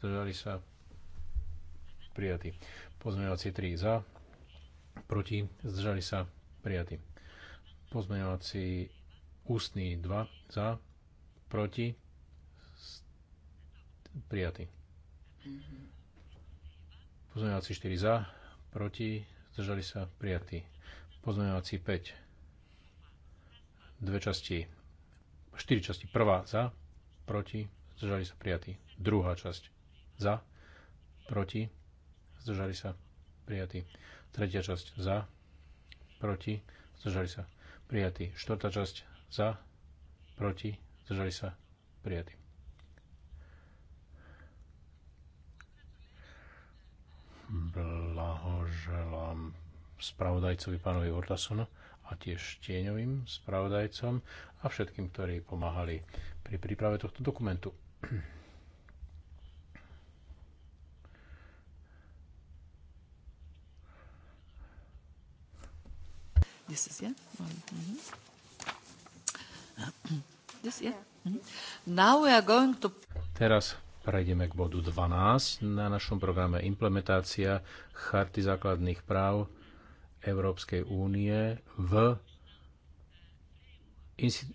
zdržali sa, prijatý. Pozmeňovací 3 za, proti, zdržali sa, prijatý. Pozmeňovací ústny 2 za, proti, prijatý. Pozmeňovací 4 za, proti, zdržali sa, prijatý. Pozmeňovací 5, dve časti, 4 časti. Prvá za, proti, zdržali sa, prijatý. Druhá časť za, proti, zdržali sa, prijatý. Tretia časť za, proti, zdržali sa Prijatý. Štvrtá časť za, proti, zdržali sa Prijatý. Blahoželám spravodajcovi pánovi Ortasonu a tiež tieňovým spravodajcom a všetkým, ktorí pomáhali pri príprave tohto dokumentu. This is, yeah? mm-hmm. This, yeah? Mm-hmm. Now we are going to... Teraz prejdeme k bodu 12 na našom programe Implementácia Charty základných práv Európskej únie v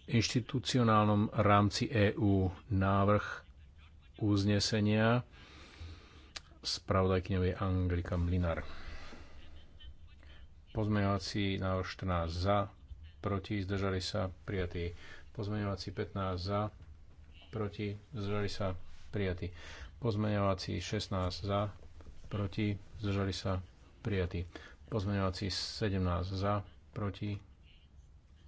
inštitucionálnom rámci EÚ návrh uznesenia. spravodajkňovej je Anglika Mlinar. Pozmeňovací návrh 14 za, proti, zdržali sa, prijatý. Pozmeňovací 15 za, proti, zdržali sa, prijatý. Pozmeňovací 16 za, proti, zdržali sa, prijatý. Pozmeňovací 17 za, proti,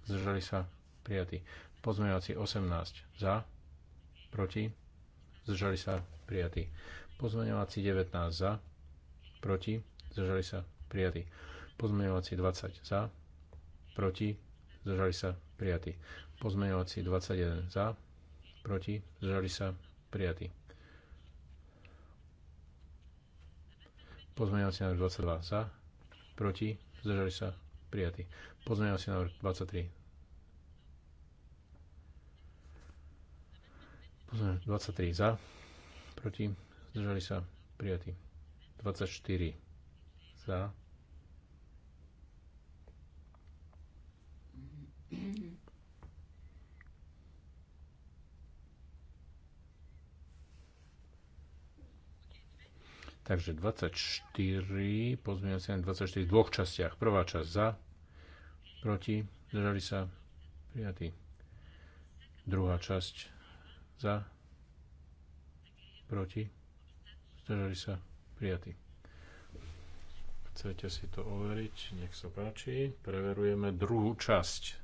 zdržali sa, prijatý. Pozmeňovací 18 za, proti, zdržali sa, prijatý. Pozmeňovací 19 za, proti, zdržali sa, prijatý Pozmeňovací 20 za, proti, zdržali sa, prijatý. Pozmeňovací 21 za, proti, zdržali sa, prijatý. Pozmeňovací návrh 22 za, proti, zdržali sa, prijatý. Pozmeňovací návrh 23. 23 za, proti, zdržali sa, prijatý. 24 za, Mhm. Takže 24, pozmeňujem na 24 v dvoch častiach. Prvá časť za, proti, zdržali sa, prijatí. Druhá časť za, proti, zdržali sa, prijatí. Chcete si to overiť? Nech sa páči. Preverujeme druhú časť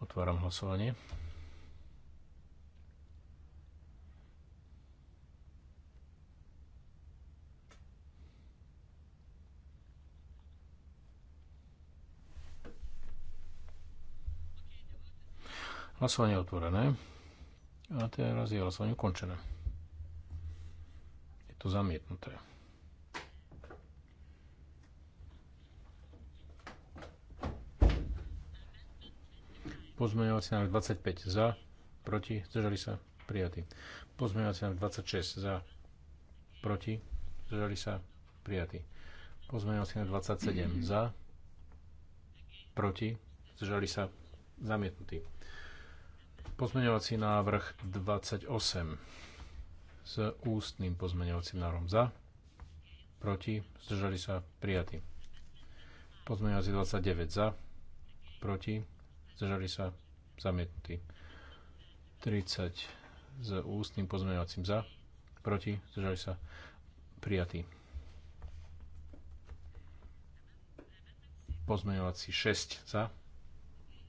Otváram hlasovanie. Hlasovanie je otvorené. A teraz je hlasovanie ukončené. Je to zamietnuté. Pozmeňovací návrh 25 za, proti, zdržali sa, prijatý. Pozmeňovací návrh 26 za, proti, zdržali sa, prijatý. Pozmeňovací návrh 27 za, proti, zdržali sa, zamietnutý. Pozmeňovací návrh 28 s ústnym pozmeňovacím návrhom za, proti, zdržali sa, prijatý. Pozmeňovací 29 za, proti, zdržali sa zamietnutí. 30 s ústnym pozmeňovacím za, proti, zdržali sa prijatí. Pozmeňovací 6 za,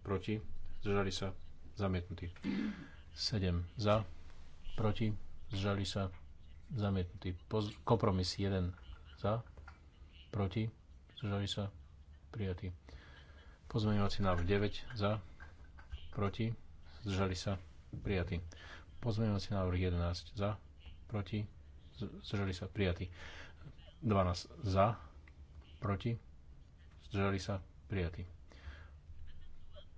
proti, zdržali sa zamietnutí. 7 za, proti, zdržali sa zamietnutí. Kompromis 1 za, proti, zdržali sa prijatí. Pozmeňovací návrh 9 za, proti, zdržali sa, prijatý. Pozmeňovací návrh 11 za, proti, zdržali sa, prijatý. 12 za, proti, zdržali sa, prijatý.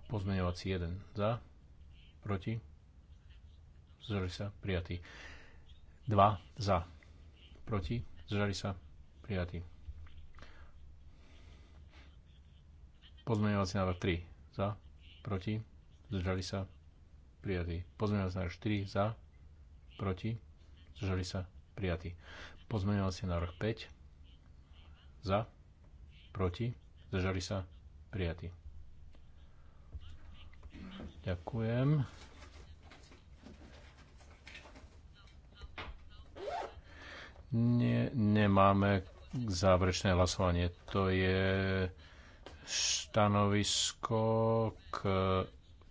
Pozmeňovací 1 za, proti, zdržali sa, prijatý. 2 za, proti, zdržali sa, prijatý. Pozmeňovací návrh 3 za, proti, zdržali sa, prijatý. Pozmeňovací návrh 4 za, proti, zdržali sa, prijatý. Pozmeňovací návrh 5 za, proti, zdržali sa, prijatý. Ďakujem. Nie, nemáme záverečné hlasovanie. To je stanovisko k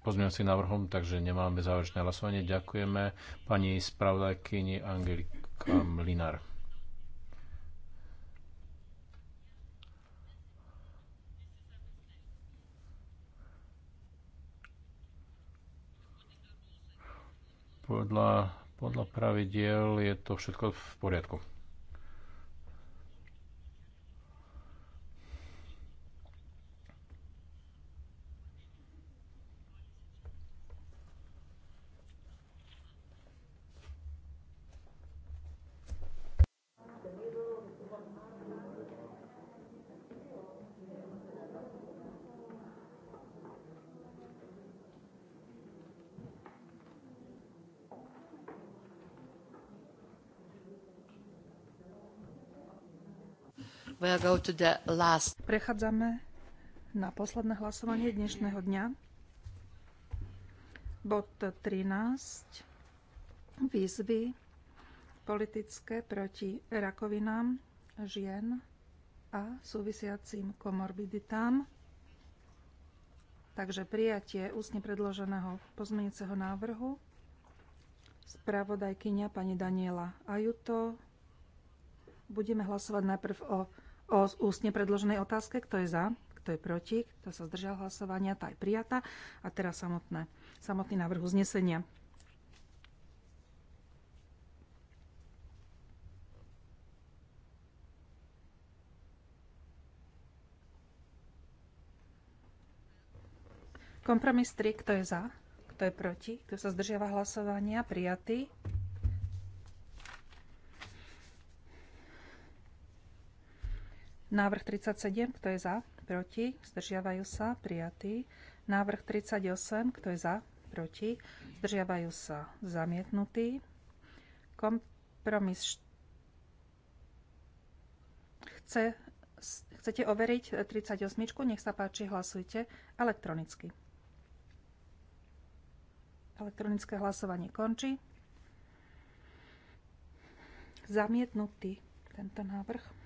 pozmeňovacím návrhom, takže nemáme záverečné hlasovanie. Ďakujeme pani spravodajkyni Angelika Mlinar. Podľa, podľa pravidiel je to všetko v poriadku. last... Prechádzame na posledné hlasovanie dnešného dňa. Bod 13. Výzvy politické proti rakovinám žien a súvisiacím komorbiditám. Takže prijatie ústne predloženého pozmeňujúceho návrhu spravodajkyňa pani Daniela Ajuto. Budeme hlasovať najprv o o ústne predloženej otázke. Kto je za? Kto je proti? Kto sa zdržal hlasovania? Tá je prijatá. A teraz samotné, samotný návrh uznesenia. Kompromis 3, kto je za, kto je proti, kto sa zdržiava hlasovania, prijatý. Návrh 37, kto je za? Proti. Zdržiavajú sa. Prijatý. Návrh 38, kto je za? Proti. Zdržiavajú sa. Zamietnutý. Kompromis Chce, chcete overiť 38, nech sa páči, hlasujte elektronicky. Elektronické hlasovanie končí. Zamietnutý tento návrh.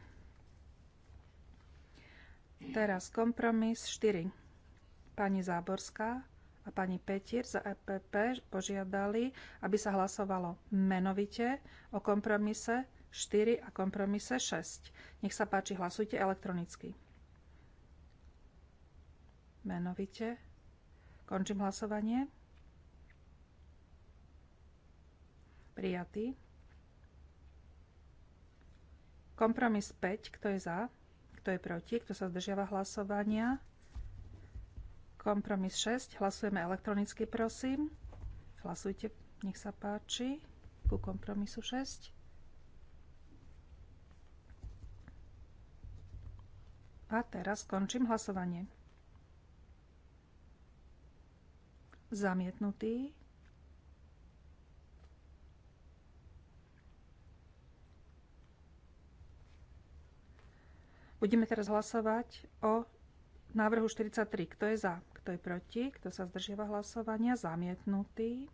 Teraz kompromis 4. Pani Záborská a pani Petier za EPP požiadali, aby sa hlasovalo menovite o kompromise 4 a kompromise 6. Nech sa páči, hlasujte elektronicky. Menovite. Končím hlasovanie. Prijatý. Kompromis 5. Kto je za? Kto je proti? Kto sa zdržiava hlasovania? Kompromis 6. Hlasujeme elektronicky, prosím. Hlasujte, nech sa páči, ku kompromisu 6. A teraz končím hlasovanie. Zamietnutý. Budeme teraz hlasovať o návrhu 43. Kto je za? Kto je proti? Kto sa zdržiava hlasovania? Zamietnutý.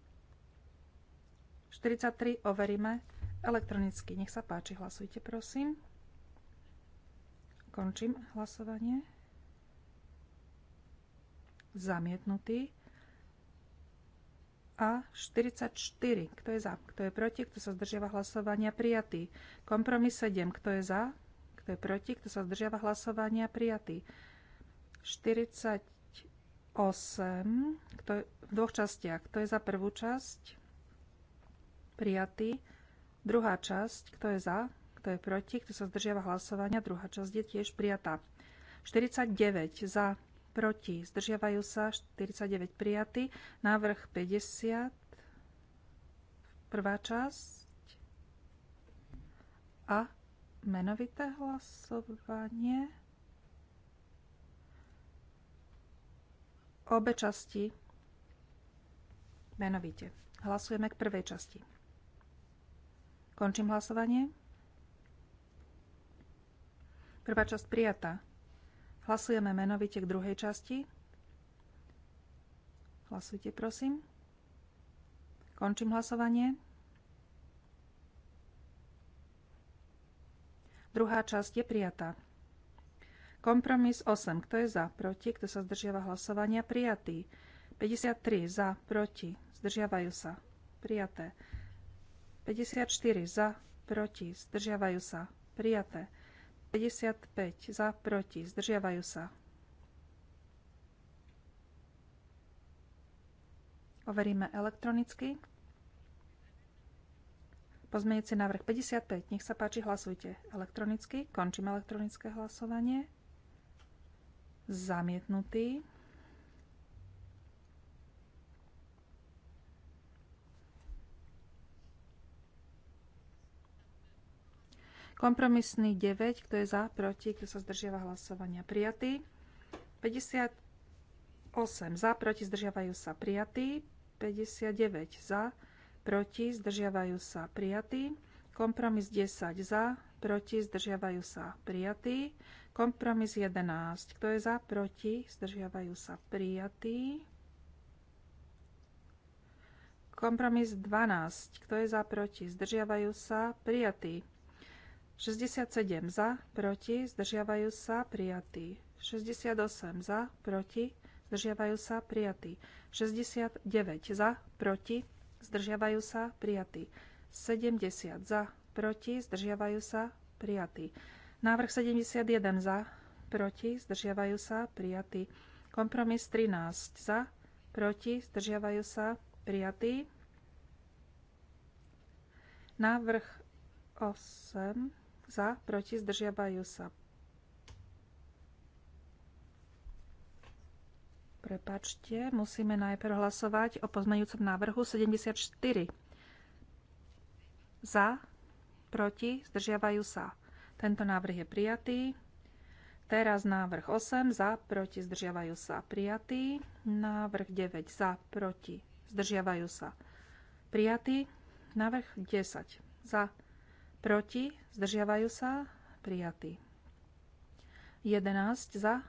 43 overíme elektronicky. Nech sa páči, hlasujte prosím. Končím hlasovanie. Zamietnutý. A 44. Kto je za? Kto je proti? Kto sa zdržiava hlasovania? Prijatý. Kompromis 7. Kto je za? Kto je proti? Kto sa zdržiava hlasovania? Prijatý. 48. Kto je, v dvoch častiach. Kto je za prvú časť? Prijatý. Druhá časť. Kto je za? Kto je proti? Kto sa zdržiava hlasovania? Druhá časť je tiež prijatá. 49. Za. Proti. Zdržiavajú sa. 49. Prijatý. Návrh 50. Prvá časť. A menovité hlasovanie. Obe časti menovite. Hlasujeme k prvej časti. Končím hlasovanie. Prvá časť prijatá. Hlasujeme menovite k druhej časti. Hlasujte, prosím. Končím hlasovanie. Druhá časť je prijatá. Kompromis 8. Kto je za? Proti. Kto sa zdržiava hlasovania? Prijatý. 53. Za. Proti. Zdržiavajú sa. Prijaté. 54. Za. Proti. Zdržiavajú sa. Prijaté. 55. Za. Proti. Zdržiavajú sa. Overíme elektronicky. Pozmejúci návrh 55. Nech sa páči, hlasujte elektronicky. Končím elektronické hlasovanie. Zamietnutý. Kompromisný 9, kto je za, proti, kto sa zdržiava hlasovania, prijatý. 58 za, proti, zdržiavajú sa, prijatý. 59 za, proti, zdržiavajú sa prijatí. Kompromis 10 za, proti, zdržiavajú sa prijatí. Kompromis 11, kto je za, proti, zdržiavajú sa prijatí. Kompromis 12, kto je za, proti, zdržiavajú sa prijatí. 67 za, proti, zdržiavajú sa prijatí. 68 za, proti, zdržiavajú sa prijatí. 69 za, proti, zdržiavajú sa, prijatý. 70 za, proti, zdržiavajú sa, prijatý. Návrh 71 za, proti, zdržiavajú sa, prijatý. Kompromis 13 za, proti, zdržiavajú sa, prijatý. Návrh 8 za, proti, zdržiavajú sa, Prepačte, musíme najprv hlasovať o pozmeňujúcom návrhu 74. Za, proti, zdržiavajú sa. Tento návrh je prijatý. Teraz návrh 8 za, proti, zdržiavajú sa. Prijatý. Návrh 9 za, proti, zdržiavajú sa. Prijatý. Návrh 10 za, proti, zdržiavajú sa. Prijatý. 11 za,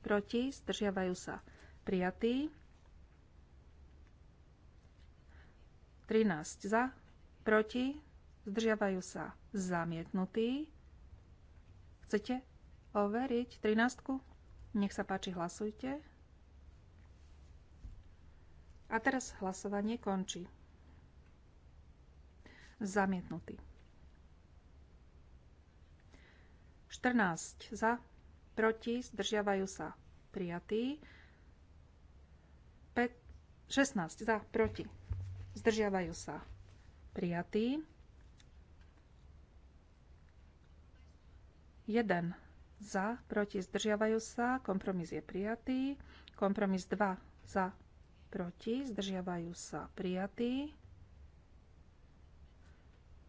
proti, zdržiavajú sa prijatý. 13 za, proti, zdržiavajú sa zamietnutí. Chcete overiť 13? Nech sa páči, hlasujte. A teraz hlasovanie končí. Zamietnutý. 14 za, proti, zdržiavajú sa prijatí. 16 za, proti. Zdržiavajú sa. Prijatý. 1 za, proti, zdržiavajú sa. Kompromis je prijatý. Kompromis 2 za, proti, zdržiavajú sa. Prijatý.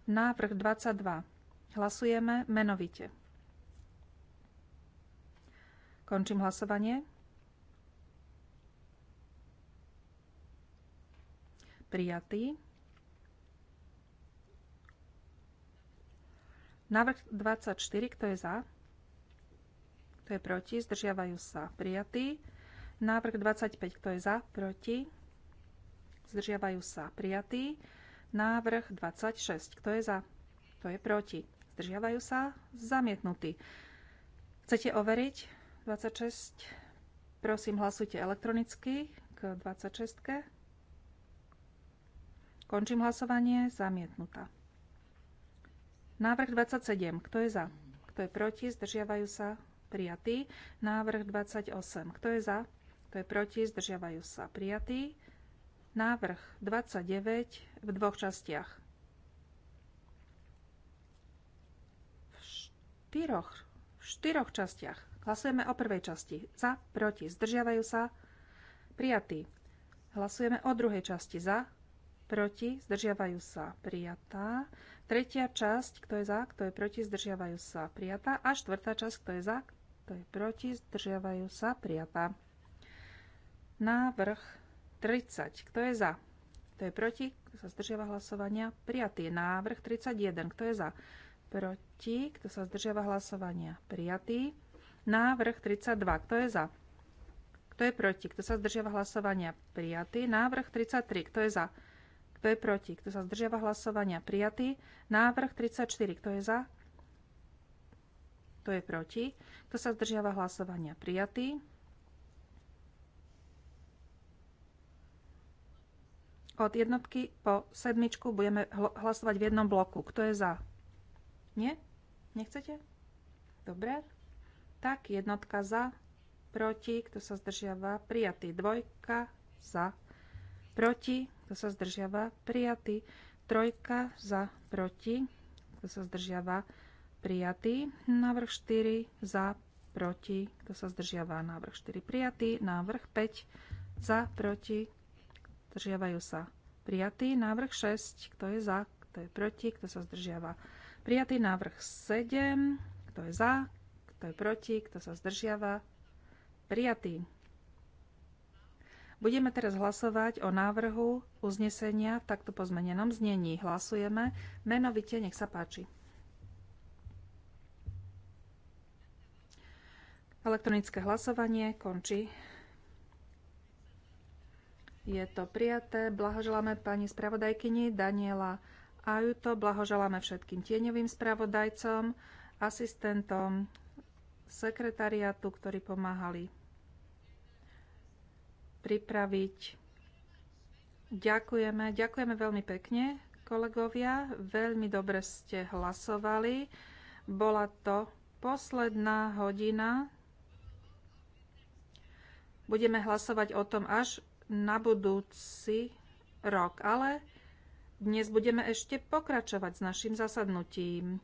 Návrh 22. Hlasujeme menovite. Končím hlasovanie. prijatý. Návrh 24, kto je za? Kto je proti? Zdržiavajú sa. Prijatý. Návrh 25, kto je za? Proti. Zdržiavajú sa. Prijatý. Návrh 26, kto je za? Kto je proti? Zdržiavajú sa. Zamietnutý. Chcete overiť 26? Prosím, hlasujte elektronicky k 26. Končím hlasovanie. Zamietnutá. Návrh 27. Kto je za? Kto je proti? Zdržiavajú sa? Prijatý. Návrh 28. Kto je za? Kto je proti? Zdržiavajú sa? Prijatý. Návrh 29 v dvoch častiach. V štyroch, v štyroch častiach. Hlasujeme o prvej časti. Za, proti, zdržiavajú sa, prijatý. Hlasujeme o druhej časti. Za, proti, zdržiavajú sa, prijatá. Tretia časť, kto je za, kto je proti, zdržiavajú sa, prijatá. A štvrtá časť, kto je za, kto je proti, zdržiavajú sa, prijatá. Návrh 30, kto je za, kto je proti, kto sa zdržiava hlasovania, prijatý. Návrh 31, kto je za, proti, kto sa zdržiava hlasovania, prijatý. Návrh 32, kto je za, kto je proti, kto sa zdržiava hlasovania, prijatý. Návrh 33, kto je za, kto je proti. Kto sa zdržiava hlasovania? Prijatý. Návrh 34. Kto je za? Kto je proti? Kto sa zdržiava hlasovania? Prijatý. Od jednotky po sedmičku budeme hlasovať v jednom bloku. Kto je za? Nie? Nechcete? Dobre. Tak, jednotka za, proti, kto sa zdržiava, prijatý. Dvojka za, proti, kto sa zdržiava, prijatý. Trojka za, proti, kto sa zdržiava, prijatý. Návrh 4 za, proti, kto sa zdržiava, návrh 4 prijatý. Návrh 5 za, proti, zdržiavajú sa, prijatý. Návrh 6, kto je za, kto je proti, kto sa zdržiava, prijatý. Návrh 7, kto je za, kto je proti, kto sa zdržiava, prijatý. Budeme teraz hlasovať o návrhu uznesenia v takto pozmenenom znení. Hlasujeme. Menovite, nech sa páči. Elektronické hlasovanie končí. Je to prijaté. Blahoželáme pani spravodajkyni Daniela Ajuto. Blahoželáme všetkým tieňovým spravodajcom, asistentom, sekretariatu, ktorí pomáhali pripraviť. Ďakujeme, ďakujeme veľmi pekne, kolegovia. Veľmi dobre ste hlasovali. Bola to posledná hodina. Budeme hlasovať o tom až na budúci rok, ale dnes budeme ešte pokračovať s našim zasadnutím.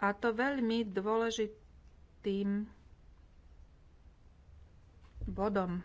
A to veľmi dôležitým bodom.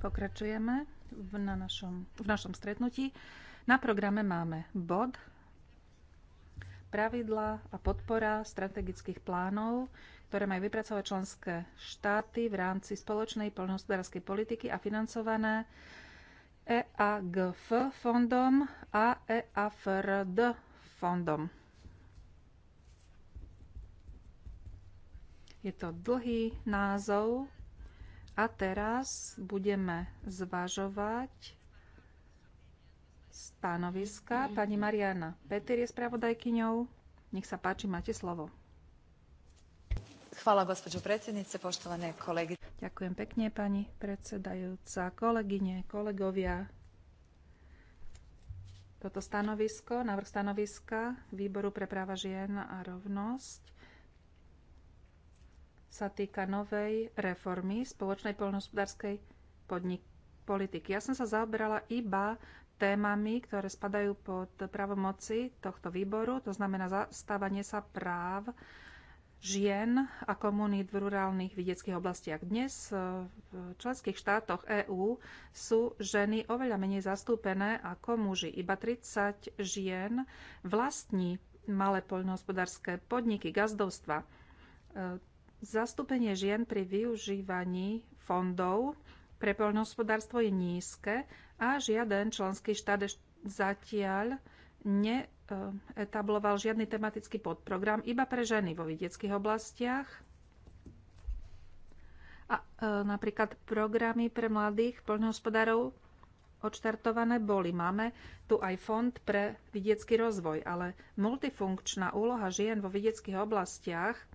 Pokračujeme v, na našom, v našom stretnutí. Na programe máme bod pravidla a podpora strategických plánov, ktoré majú vypracovať členské štáty v rámci spoločnej poľnohospodárskej politiky a financované EAGF fondom a EAFRD fondom. Je to dlhý názov a teraz budeme zvažovať stanoviska. Pani Mariana Peter je spravodajkyňou. Nech sa páči, máte slovo. Hvala, gospođo predsednice, poštovane kolegy. Ďakujem pekne, pani predsedajúca, kolegyne, kolegovia. Toto stanovisko, návrh stanoviska Výboru pre práva žien a rovnosť sa týka novej reformy spoločnej poľnohospodárskej politiky. Ja som sa zaoberala iba témami, ktoré spadajú pod pravomoci tohto výboru, to znamená zastávanie sa práv žien a komunít v rurálnych vidieckých oblastiach. Dnes eh, v členských štátoch EÚ sú ženy oveľa menej zastúpené ako muži. Iba 30 žien vlastní malé poľnohospodárske podniky, gazdovstva eh, Zastúpenie žien pri využívaní fondov pre poľnohospodárstvo je nízke a žiaden členský štát zatiaľ neetabloval žiadny tematický podprogram iba pre ženy vo vidieckých oblastiach. A e, napríklad programy pre mladých poľnohospodárov odštartované boli. Máme tu aj fond pre vidiecký rozvoj, ale multifunkčná úloha žien vo vidieckých oblastiach –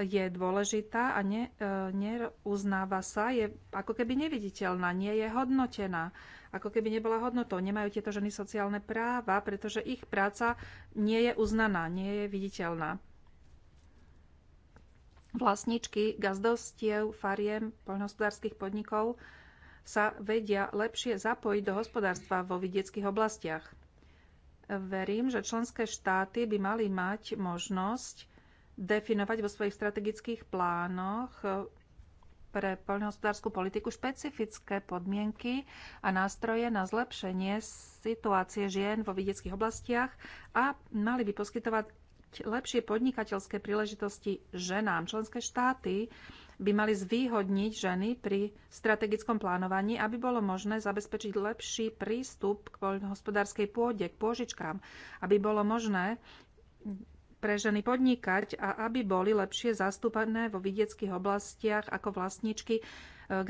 je dôležitá a ne, e, neuznáva sa, je ako keby neviditeľná, nie je hodnotená, ako keby nebola hodnotou. Nemajú tieto ženy sociálne práva, pretože ich práca nie je uznaná, nie je viditeľná. Vlastničky gazdostiev, fariem, poľnohospodárských podnikov sa vedia lepšie zapojiť do hospodárstva vo vidieckých oblastiach. Verím, že členské štáty by mali mať možnosť definovať vo svojich strategických plánoch eh, pre poľnohospodárskú politiku špecifické podmienky a nástroje na zlepšenie situácie žien vo vidieckých oblastiach a mali by poskytovať lepšie podnikateľské príležitosti ženám. Členské štáty by mali zvýhodniť ženy pri strategickom plánovaní, aby bolo možné zabezpečiť lepší prístup k poľnohospodárskej pôde, k pôžičkám, aby bolo možné pre ženy podnikať a aby boli lepšie zastúpené vo vidieckých oblastiach ako vlastníčky e,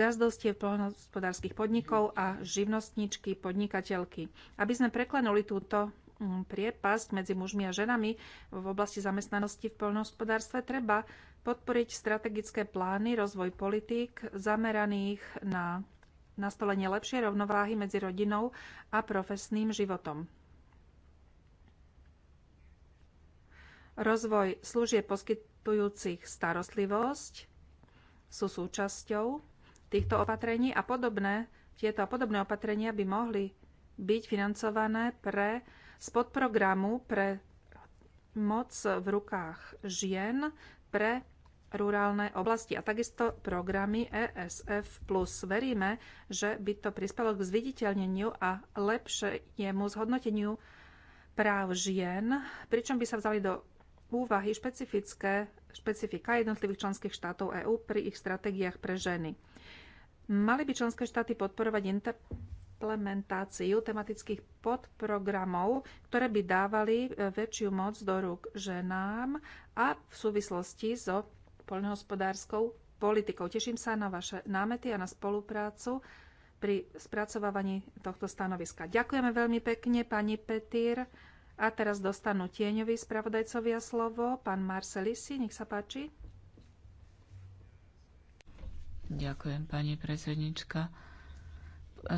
gazdostiev, poľnohospodárskych podnikov a živnostníčky, podnikateľky. Aby sme preklenuli túto mm, priepasť medzi mužmi a ženami v oblasti zamestnanosti v poľnohospodárstve, treba podporiť strategické plány, rozvoj politík zameraných na nastolenie lepšej rovnováhy medzi rodinou a profesným životom. Rozvoj služieb poskytujúcich starostlivosť sú súčasťou týchto opatrení a podobné, tieto a podobné opatrenia by mohli byť financované pre, z podprogramu pre moc v rukách žien pre rurálne oblasti a takisto programy ESF+. Veríme, že by to prispelo k zviditeľneniu a lepšiemu zhodnoteniu práv žien, pričom by sa vzali do úvahy špecifické, špecifika jednotlivých členských štátov EÚ pri ich stratégiách pre ženy. Mali by členské štáty podporovať implementáciu tematických podprogramov, ktoré by dávali e, väčšiu moc do rúk ženám a v súvislosti so poľnohospodárskou politikou. Teším sa na vaše námety a na spoluprácu pri spracovávaní tohto stanoviska. Ďakujeme veľmi pekne, pani Petír. A teraz dostanú tieňoví spravodajcovia slovo. Pán Marcelisi, nech sa páči. Ďakujem, pani predsednička.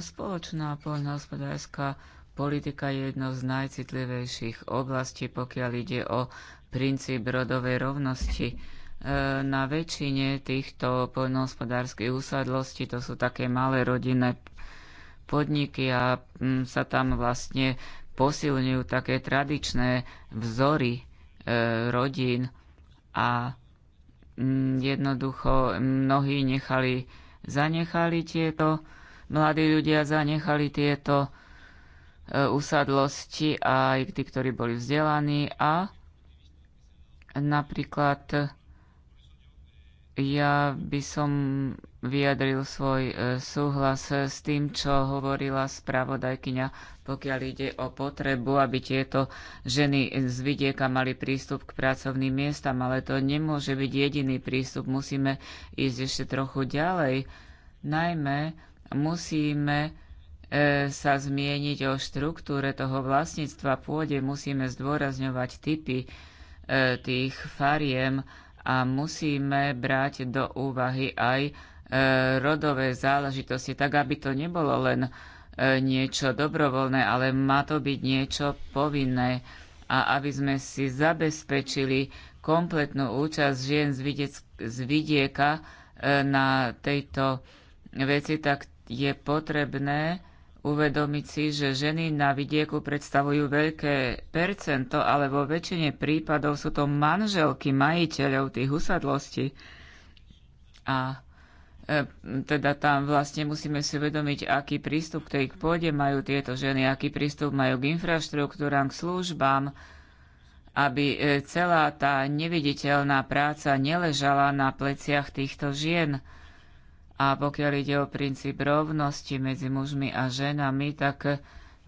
Spoločná poľnohospodárska politika je jednou z najcitlivejších oblastí, pokiaľ ide o princíp rodovej rovnosti. E, na väčšine týchto poľnohospodárskych usadlostí to sú také malé rodinné podniky a mm, sa tam vlastne posilňujú také tradičné vzory e, rodín a m, mm, jednoducho mnohí nechali, zanechali tieto, mladí ľudia zanechali tieto e, usadlosti aj tí, ktorí boli vzdelaní a napríklad ja by som vyjadril svoj e, súhlas e, s tým, čo hovorila spravodajkyňa, pokiaľ ide o potrebu, aby tieto ženy z vidieka mali prístup k pracovným miestam, ale to nemôže byť jediný prístup. Musíme ísť ešte trochu ďalej. Najmä musíme e, sa zmieniť o štruktúre toho vlastníctva pôde, musíme zdôrazňovať typy tých fariem, a musíme brať do úvahy aj e, rodové záležitosti, tak aby to nebolo len e, niečo dobrovoľné, ale má to byť niečo povinné a aby sme si zabezpečili kompletnú účasť žien z, z vidieka e, na tejto veci, tak je potrebné Uvedomiť si, že ženy na vidieku predstavujú veľké percento, ale vo väčšine prípadov sú to manželky majiteľov tých usadlostí. A e, teda tam vlastne musíme si uvedomiť, aký prístup k tej pôde majú tieto ženy, aký prístup majú k infraštruktúram, k službám, aby e, celá tá neviditeľná práca neležala na pleciach týchto žien a pokiaľ ide o princíp rovnosti medzi mužmi a ženami, tak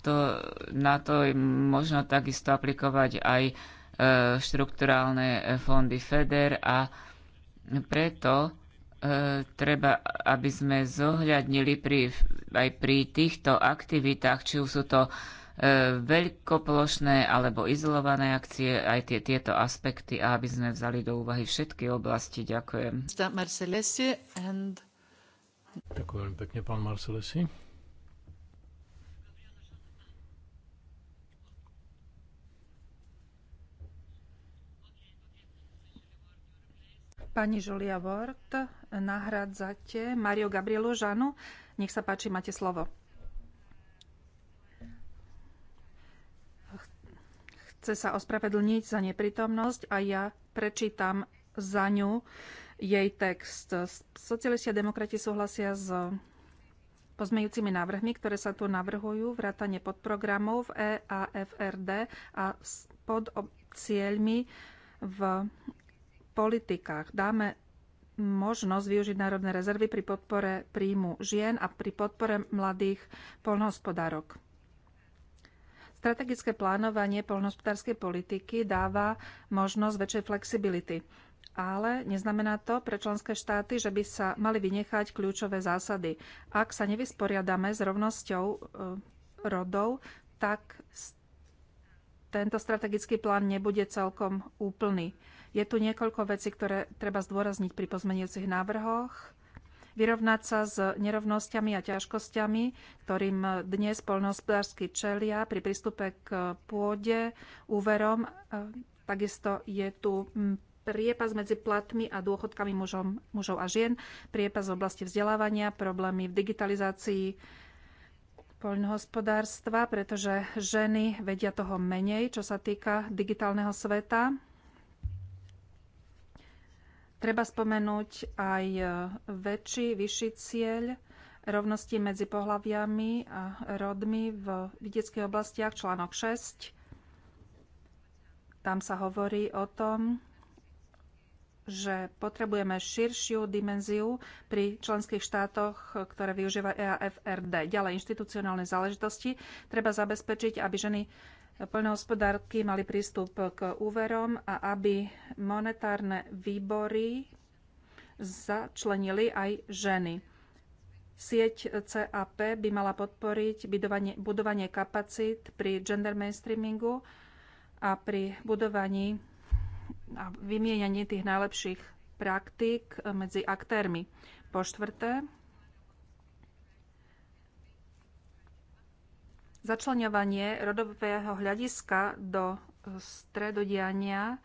to, na to možno takisto aplikovať aj štruktúrálne štrukturálne fondy FEDER a preto e, treba, aby sme zohľadnili pri, aj pri týchto aktivitách, či už sú to e, veľkoplošné alebo izolované akcie, aj tie, tieto aspekty, a aby sme vzali do úvahy všetky oblasti. Ďakujem. and Ďakujem veľmi pekne, pán Marcelesi. Pani Julia Ward, nahradzate Mario Gabrielu Žanu. Nech sa páči, máte slovo. Chce sa ospravedlniť za neprítomnosť a ja prečítam za ňu jej text. Socialisti a demokrati súhlasia s pozmejúcimi návrhmi, ktoré sa tu navrhujú, vrátanie podprogramov v EAFRD a pod cieľmi v politikách. Dáme možnosť využiť národné rezervy pri podpore príjmu žien a pri podpore mladých polnohospodárok. Strategické plánovanie polnohospodárskej politiky dáva možnosť väčšej flexibility ale neznamená to pre členské štáty, že by sa mali vynechať kľúčové zásady. Ak sa nevysporiadame s rovnosťou e, rodov, tak tento strategický plán nebude celkom úplný. Je tu niekoľko vecí, ktoré treba zdôrazniť pri pozmeniacich návrhoch. Vyrovnať sa s nerovnosťami a ťažkosťami, ktorým dnes poľnohospodársky čelia pri prístupe k pôde, úverom. E, takisto je tu priepas medzi platmi a dôchodkami mužom, mužov a žien, priepas v oblasti vzdelávania, problémy v digitalizácii poľnohospodárstva, pretože ženy vedia toho menej, čo sa týka digitálneho sveta. Treba spomenúť aj e, väčší, vyšší cieľ rovnosti medzi pohlaviami a rodmi v vidieckých oblastiach, článok 6. Tam sa hovorí o tom, že potrebujeme širšiu dimenziu pri členských štátoch, ktoré využíva EAFRD. Ďalej inštitucionálne záležitosti. Treba zabezpečiť, aby ženy poľnohospodárky mali prístup k úverom a aby monetárne výbory začlenili aj ženy. Sieť CAP by mala podporiť budovanie, budovanie kapacít pri gender mainstreamingu a pri budovaní a vymienianie tých najlepších praktík medzi aktérmi. Po štvrté, začlenovanie rodového hľadiska do stredodiania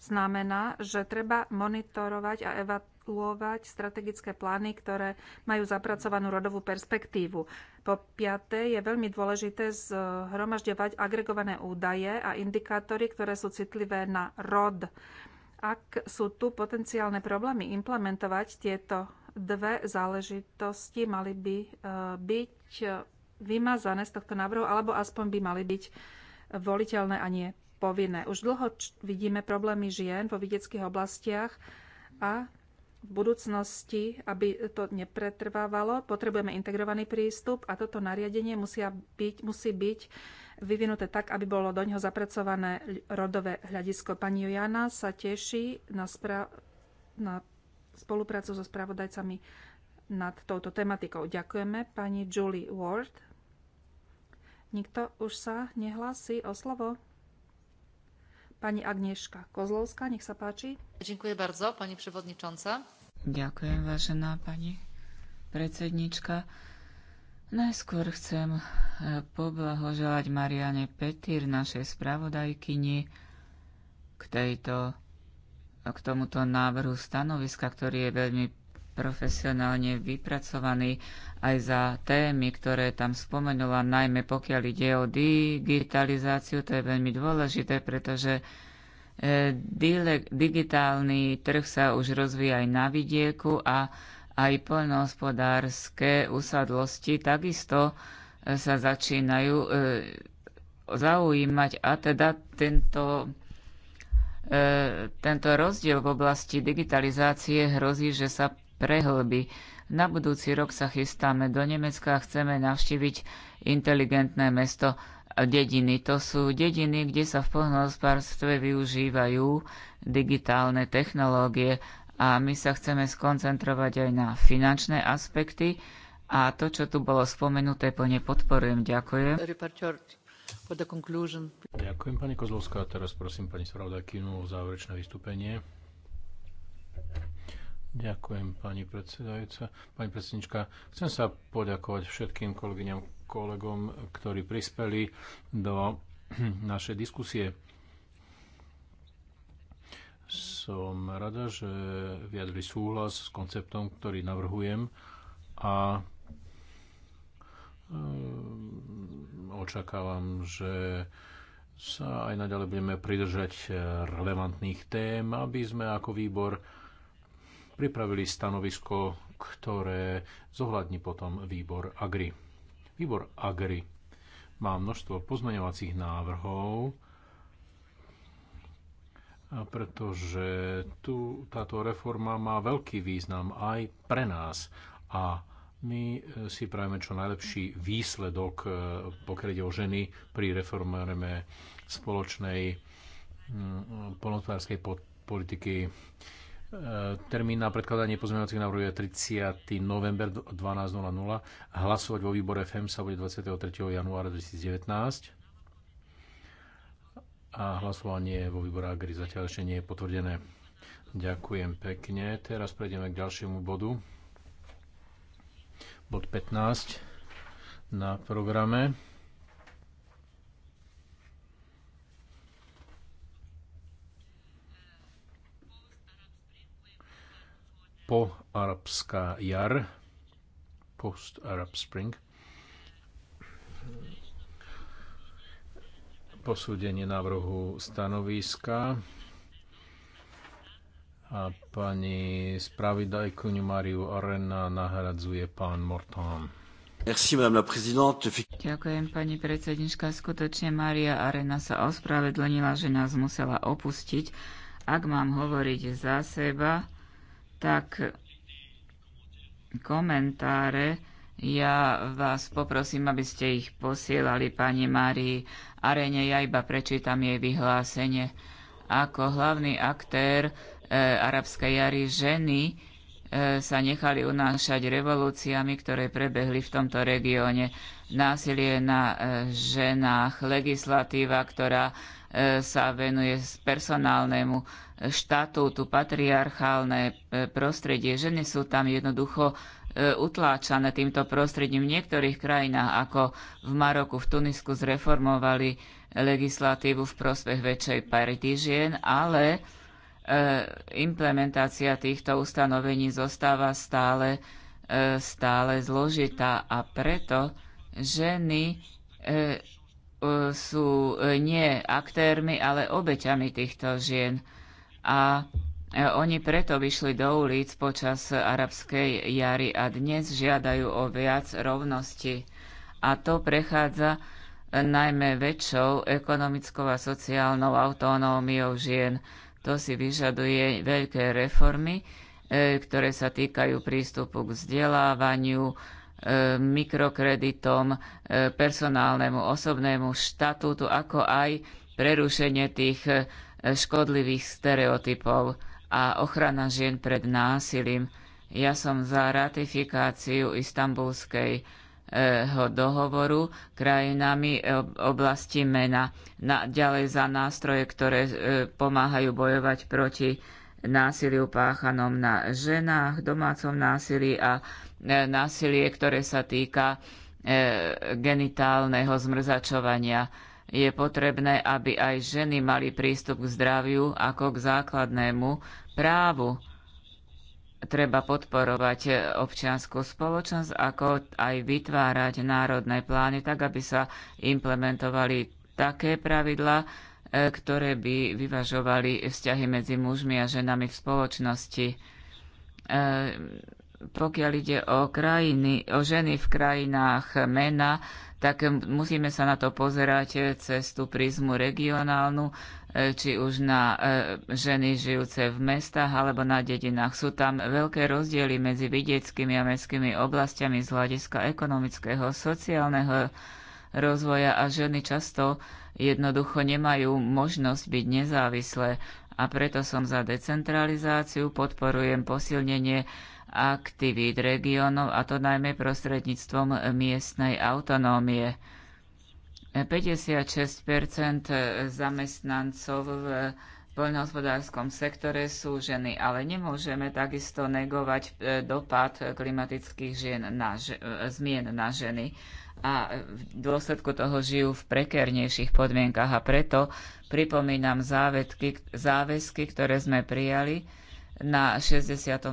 znamená, že treba monitorovať a evaluovať strategické plány, ktoré majú zapracovanú rodovú perspektívu. Po piaté je veľmi dôležité zhromažďovať agregované údaje a indikátory, ktoré sú citlivé na rod. Ak sú tu potenciálne problémy implementovať tieto dve záležitosti, mali by e, byť vymazané z tohto návrhu, alebo aspoň by mali byť voliteľné a nie povinné. Už dlho vidíme problémy žien vo vidieckých oblastiach a v budúcnosti, aby to nepretrvávalo, potrebujeme integrovaný prístup a toto nariadenie musia byť, musí byť vyvinuté tak, aby bolo do ňoho zapracované rodové hľadisko. Pani Jana sa teší na, spra- na spoluprácu so spravodajcami nad touto tematikou. Ďakujeme pani Julie Ward. Nikto už sa nehlási o slovo? Pani Agnieszka Kozlowska, nech sa páči. Ďakujem bardzo, pani przewodnicząca. Dziękuję, vážená pani predsednička. Najskôr chcem e, poblahoželať Mariane Petýr, našej spravodajkyni, k, tejto, k tomuto návrhu stanoviska, ktorý je veľmi profesionálne vypracovaný aj za témy, ktoré tam spomenula, najmä pokiaľ ide o digitalizáciu, to je veľmi dôležité, pretože e, digitálny trh sa už rozvíja aj na vidieku a aj poľnohospodárske usadlosti takisto e, sa začínajú e, zaujímať a teda tento tento rozdiel v oblasti digitalizácie hrozí, že sa prehlbí. Na budúci rok sa chystáme do Nemecka a chceme navštíviť inteligentné mesto dediny. To sú dediny, kde sa v poľnohospodárstve využívajú digitálne technológie a my sa chceme skoncentrovať aj na finančné aspekty a to, čo tu bolo spomenuté, plne podporujem. Ďakujem. Ďakujem, pani Kozlovská. Teraz prosím pani spravodajkynu o záverečné vystúpenie. Ďakujem, pani predsedajúca. Pani predsednička, chcem sa poďakovať všetkým kolegyňam, kolegom, ktorí prispeli do našej diskusie. Som rada, že vyjadri súhlas s konceptom, ktorý navrhujem a e, očakávam, že sa aj naďalej budeme pridržať relevantných tém, aby sme ako výbor pripravili stanovisko, ktoré zohľadní potom výbor Agri. Výbor Agri má množstvo pozmeňovacích návrhov, pretože tu táto reforma má veľký význam aj pre nás a my eh, si prajeme čo najlepší výsledok, eh, pokiaľ ide o ženy pri reforme spoločnej mm, eh, polnotvárskej politiky E, termín na predkladanie pozmeňovacích návrhov je 30. november 12.00. Hlasovať vo výbore FEM sa bude 23. januára 2019. A hlasovanie vo výbore Agri zatiaľ ešte nie je potvrdené. Ďakujem pekne. Teraz prejdeme k ďalšiemu bodu. Bod 15 na programe. po arabská jar, post Arab Spring, posúdenie návrhu stanoviska a pani spravidajkuňu Mariu Arena nahradzuje pán Mortán. Ďakujem, pani predsednička. Skutočne Maria Arena sa ospravedlnila, že nás musela opustiť. Ak mám hovoriť za seba, tak komentáre ja vás poprosím, aby ste ich posielali pani Márii Arene. Ja iba prečítam jej vyhlásenie. Ako hlavný aktér e, arabskej jary ženy e, sa nechali unášať revolúciami, ktoré prebehli v tomto regióne. Násilie na e, ženách, legislatíva, ktorá E, sa venuje personálnemu štatútu, patriarchálne e, prostredie. Ženy sú tam jednoducho e, utláčané týmto prostredím. V niektorých krajinách, ako v Maroku, v Tunisku, zreformovali legislatívu v prospech väčšej parity žien, ale implementácia týchto ustanovení zostáva stále, stále zložitá a preto ženy sú e, nie aktérmi, ale obeťami týchto žien. A e, oni preto vyšli do ulic počas arabskej jary a dnes žiadajú o viac rovnosti. A to prechádza e, najmä väčšou ekonomickou a sociálnou autonómiou žien. To si vyžaduje veľké reformy, ktoré sa týkajú prístupu k vzdelávaniu, E, mikrokreditom, e, personálnemu osobnému štatútu, ako aj prerušenie tých e, škodlivých stereotypov a ochrana žien pred násilím. Ja som za ratifikáciu istambulskej dohovoru krajinami oblasti mena. Na, ďalej za nástroje, ktoré pomáhajú bojovať proti násiliu páchanom na ženách, domácom násilí a E, násilie, ktoré sa týka e, genitálneho zmrzačovania. Je potrebné, aby aj ženy mali prístup k zdraviu ako k základnému právu. Treba podporovať e, občianskú spoločnosť, ako aj vytvárať národné plány, tak aby sa implementovali také pravidlá, ktoré by vyvažovali vzťahy medzi mužmi a ženami v spoločnosti pokiaľ ide o, krajiny, o ženy v krajinách mena, tak musíme sa na to pozerať cez tú prízmu regionálnu, e, či už na e, ženy žijúce v mestách alebo na dedinách. Sú tam veľké rozdiely medzi vidieckými a mestskými oblastiami z hľadiska ekonomického, sociálneho rozvoja a ženy často jednoducho nemajú možnosť byť nezávislé. A preto som za decentralizáciu, podporujem posilnenie aktivít regiónov, a to najmä prostredníctvom miestnej autonómie. 56 zamestnancov v poľnohospodárskom sektore sú ženy, ale nemôžeme takisto negovať e, dopad klimatických žien na, e, zmien na ženy a v dôsledku toho žijú v prekernejších podmienkach a preto pripomínam závetky, záväzky, ktoré sme prijali na 62.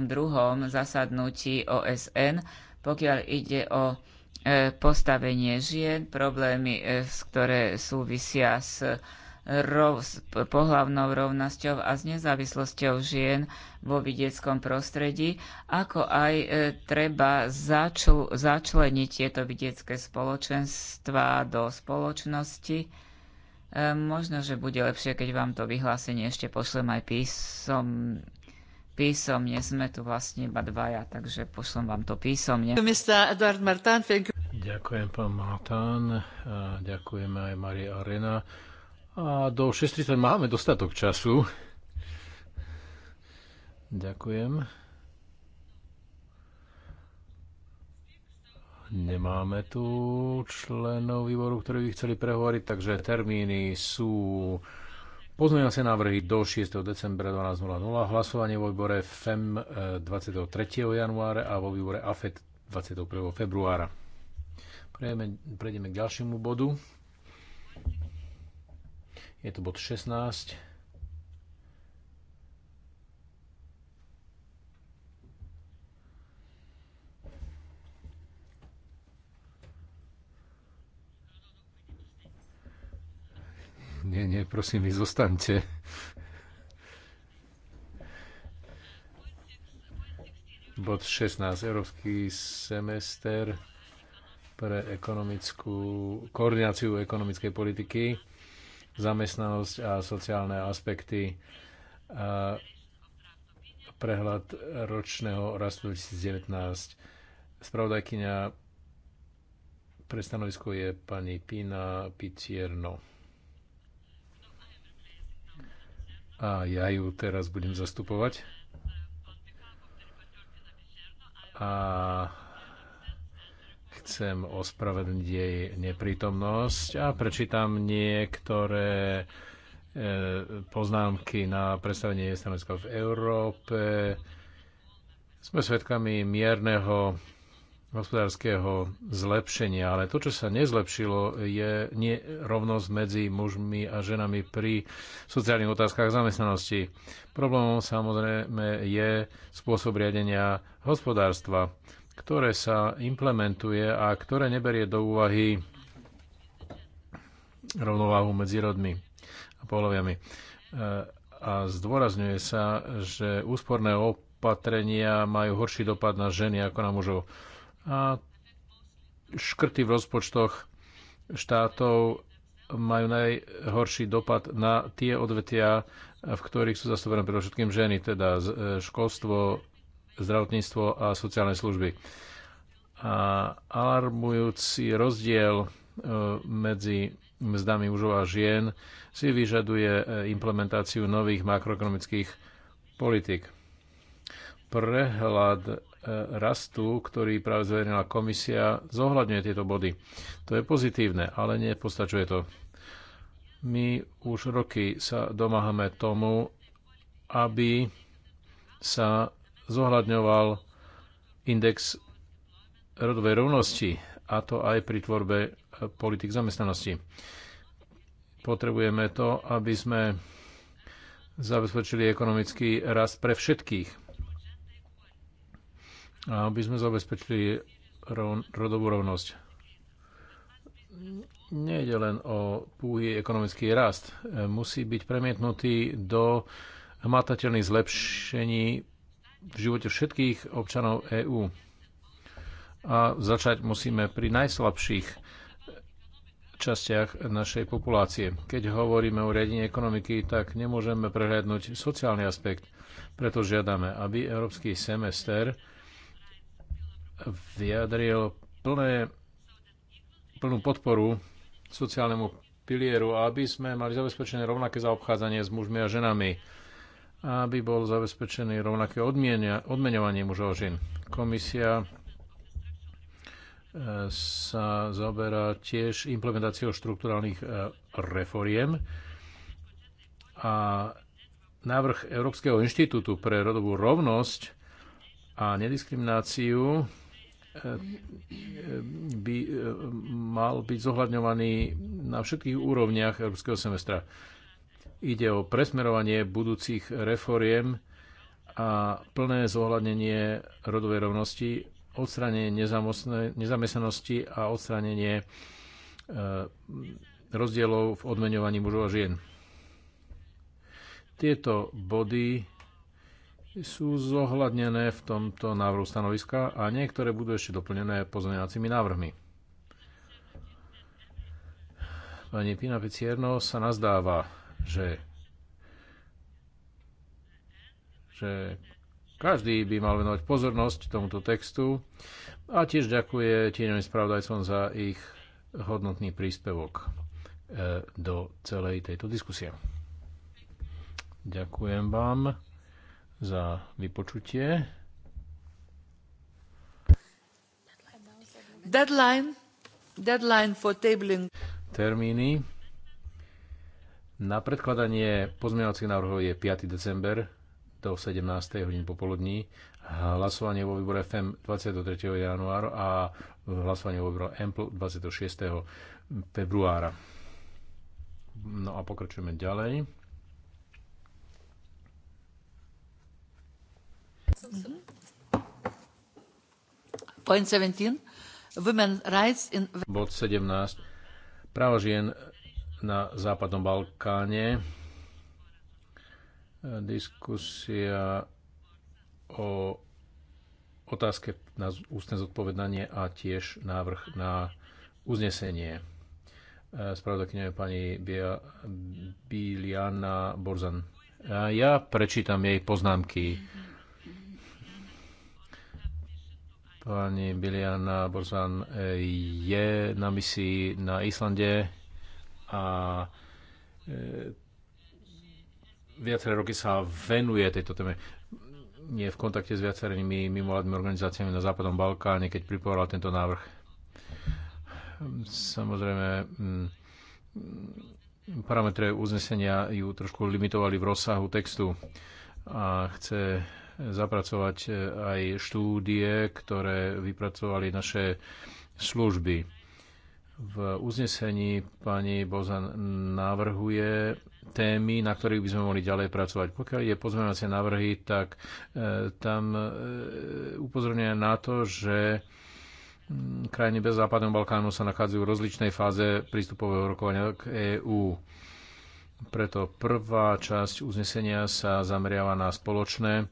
zasadnutí OSN, pokiaľ ide o e, postavenie žien, problémy, e, ktoré súvisia s, s pohlavnou rovnosťou a s nezávislosťou žien vo vidieckom prostredí, ako aj e, treba začl, začleniť tieto vidiecké spoločenstva do spoločnosti. Možno, že bude lepšie, keď vám to vyhlásenie ešte pošlem aj písom, písomne. Sme tu vlastne iba dvaja, takže pošlem vám to písomne. Ďakujem, pán Martán. A ďakujeme aj Marie Arena. A do 6.30 máme dostatok času. Ďakujem. Nemáme tu členov výboru, ktorí by chceli prehovoriť, takže termíny sú Pozmeňovacie návrhy do 6. decembra 12.00, hlasovanie vo výbore FEM 23. E, januára a vo výbore AFET 21. februára. Prejdeme, prejdeme k ďalšiemu bodu. Je to bod 16. nie, nie, prosím, vy zostaňte. Bod 16. Európsky semester pre ekonomickú, koordináciu ekonomickej politiky, zamestnanosť a sociálne aspekty, a prehľad ročného rastu 2019. Spravodajkyňa pre stanovisko je pani Pina Picierno. a ja ju teraz budem zastupovať. A chcem ospravedlniť jej neprítomnosť a prečítam niektoré e, poznámky na predstavenie Slovenska v Európe. Sme svedkami mierneho hospodárskeho zlepšenia, ale to, čo sa nezlepšilo, je nerovnosť medzi mužmi a ženami pri sociálnych otázkach zamestnanosti. Problémom samozrejme je spôsob riadenia hospodárstva, ktoré sa implementuje a ktoré neberie do úvahy rovnováhu medzi rodmi a pohľaviami. A zdôrazňuje sa, že úsporné opatrenia majú horší dopad na ženy ako na mužov a škrty v rozpočtoch štátov majú najhorší dopad na tie odvetia, v ktorých sú zastúpené predovšetkým ženy, teda e, školstvo, zdravotníctvo a sociálne služby. A alarmujúci rozdiel e, medzi mzdami mužov a žien si vyžaduje e, implementáciu nových makroekonomických politik. Prehľad rastu, ktorý práve zverejnila komisia, zohľadňuje tieto body. To je pozitívne, ale nepostačuje to. My už roky sa domáhame tomu, aby sa zohľadňoval index rodovej rovnosti, a to aj pri tvorbe e, politik zamestnanosti. Potrebujeme to, aby sme zabezpečili ekonomický rast pre všetkých aby sme zabezpečili rodovú rovnosť. Nejde len o púhy ekonomický rast. Musí byť premietnutý do hmatateľných zlepšení v živote všetkých občanov EÚ. A začať musíme pri najslabších častiach našej populácie. Keď hovoríme o riadení ekonomiky, tak nemôžeme prehľadnúť sociálny aspekt. Preto žiadame, aby európsky semester vyjadril plné, plnú podporu sociálnemu pilieru, aby sme mali zabezpečené rovnaké zaobchádzanie s mužmi a ženami, aby bol zabezpečený rovnaké odmienia, odmenovanie mužov a žien. Komisia e, sa zaoberá tiež implementáciou štruktúrálnych e, reforiem a návrh Európskeho inštitútu pre rodovú rovnosť a nediskrimináciu E, by e, mal byť zohľadňovaný na všetkých úrovniach európskeho semestra. Ide o presmerovanie budúcich reforiem a plné zohľadnenie rodovej rovnosti, odstranenie nezamestnanosti a odstranenie e, rozdielov v odmeňovaní mužov a žien. Tieto body sú zohľadnené v tomto návrhu stanoviska a niektoré budú ešte doplnené pozmeňovacími návrhmi. Pani Pina Picierno sa nazdáva, že, že každý by mal venovať pozornosť tomuto textu a tiež ďakuje tieňovým spravodajcom za ich hodnotný príspevok e, do celej tejto diskusie. Ďakujem vám za vypočutie. Deadline. Deadline for tabling. Termíny. Na predkladanie pozmeňovacích návrhov je 5. december do 17. hodín popoludní. Hlasovanie vo výbore FM e 23. januára a hlasovanie vo výbore EMPL 26. februára. No a pokračujeme ďalej. Bod 17. Práva žien na Západnom Balkáne. Diskusia o otázke na ústne zodpovedanie a tiež návrh na uznesenie. Spravodajkyňa je pani Biliana Borzan. Ja prečítam jej poznámky. Mm-hmm Pani Biliana Borzan e, je na misii na Islande a e, viaceré roky sa venuje tejto téme. Je v kontakte s viacerými mimovládnymi organizáciami na Západnom Balkáne, keď pripovedal tento návrh. Samozrejme, mm, parametre uznesenia ju trošku limitovali v rozsahu textu a chce zapracovať e, aj štúdie, ktoré vypracovali naše služby. V uznesení pani Bozan navrhuje témy, na ktorých by sme mohli ďalej pracovať. Pokiaľ je pozmeňovacie návrhy, tak e, tam e, upozorňuje na to, že mm, krajiny bez západného Balkánu sa nachádzajú v rozličnej fáze prístupového rokovania k EÚ. Preto prvá časť uznesenia sa zameriava na spoločné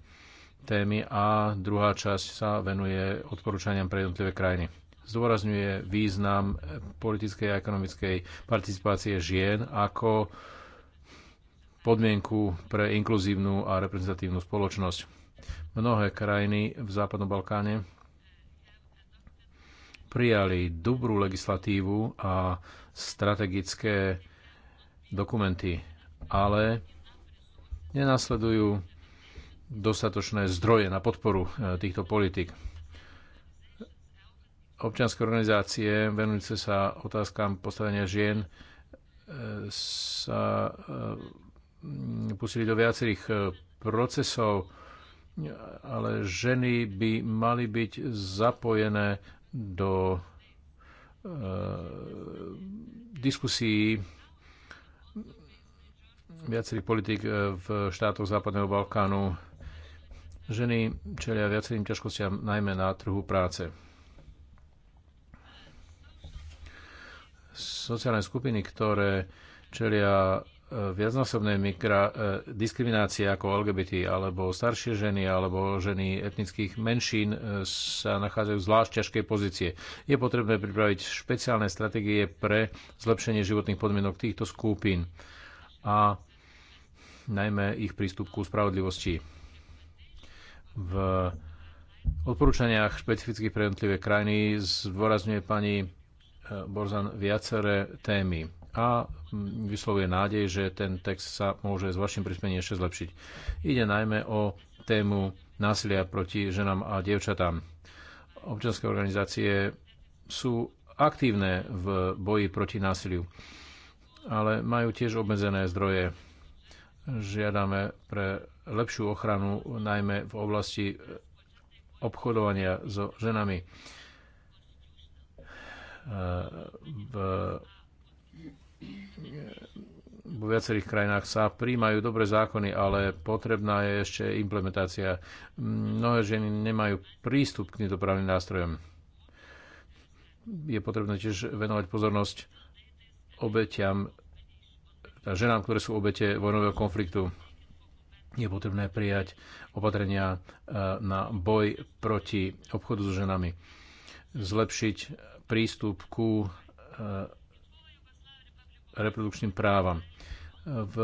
témy a druhá časť sa venuje odporúčaniam pre jednotlivé krajiny. Zdôrazňuje význam politickej a ekonomickej participácie žien ako podmienku pre inkluzívnu a reprezentatívnu spoločnosť. Mnohé krajiny v Západnom Balkáne prijali dobrú legislatívu a strategické dokumenty, ale nenasledujú dostatočné zdroje na podporu e, týchto politik. Občianske organizácie venujúce sa otázkam postavenia žien e, sa e, pustili do viacerých procesov, ale ženy by mali byť zapojené do diskusí viacerých politik v štátoch Západného Balkánu Ženy čelia viacerým ťažkostiam najmä na trhu práce. Sociálne skupiny, ktoré čelia e, viacnásobnej mikra, e, diskriminácie ako LGBT alebo staršie ženy alebo ženy etnických menšín e, sa nachádzajú v zvlášť ťažkej pozície. Je potrebné pripraviť špeciálne stratégie pre zlepšenie životných podmienok týchto skupín a najmä ich prístup ku spravodlivosti. V odporúčaniach špecificky pre jednotlivé krajiny zdôrazňuje pani e, Borzan viaceré témy a vyslovuje nádej, že ten text sa môže s vašim prispením ešte zlepšiť. Ide najmä o tému násilia proti ženám a dievčatám. Občianske organizácie sú aktívne v boji proti násiliu, ale majú tiež obmedzené zdroje. Žiadame pre lepšiu ochranu, najmä v oblasti e, obchodovania so ženami. E, v, v viacerých krajinách sa príjmajú dobré zákony, ale potrebná je ešte implementácia. Mnohé ženy nemajú prístup k týmto právnym nástrojom. Je potrebné tiež venovať pozornosť obetiam, teda ženám, ktoré sú obete vojnového konfliktu je potrebné prijať opatrenia e, na boj proti obchodu s ženami, zlepšiť prístup ku e, reprodukčným právam. V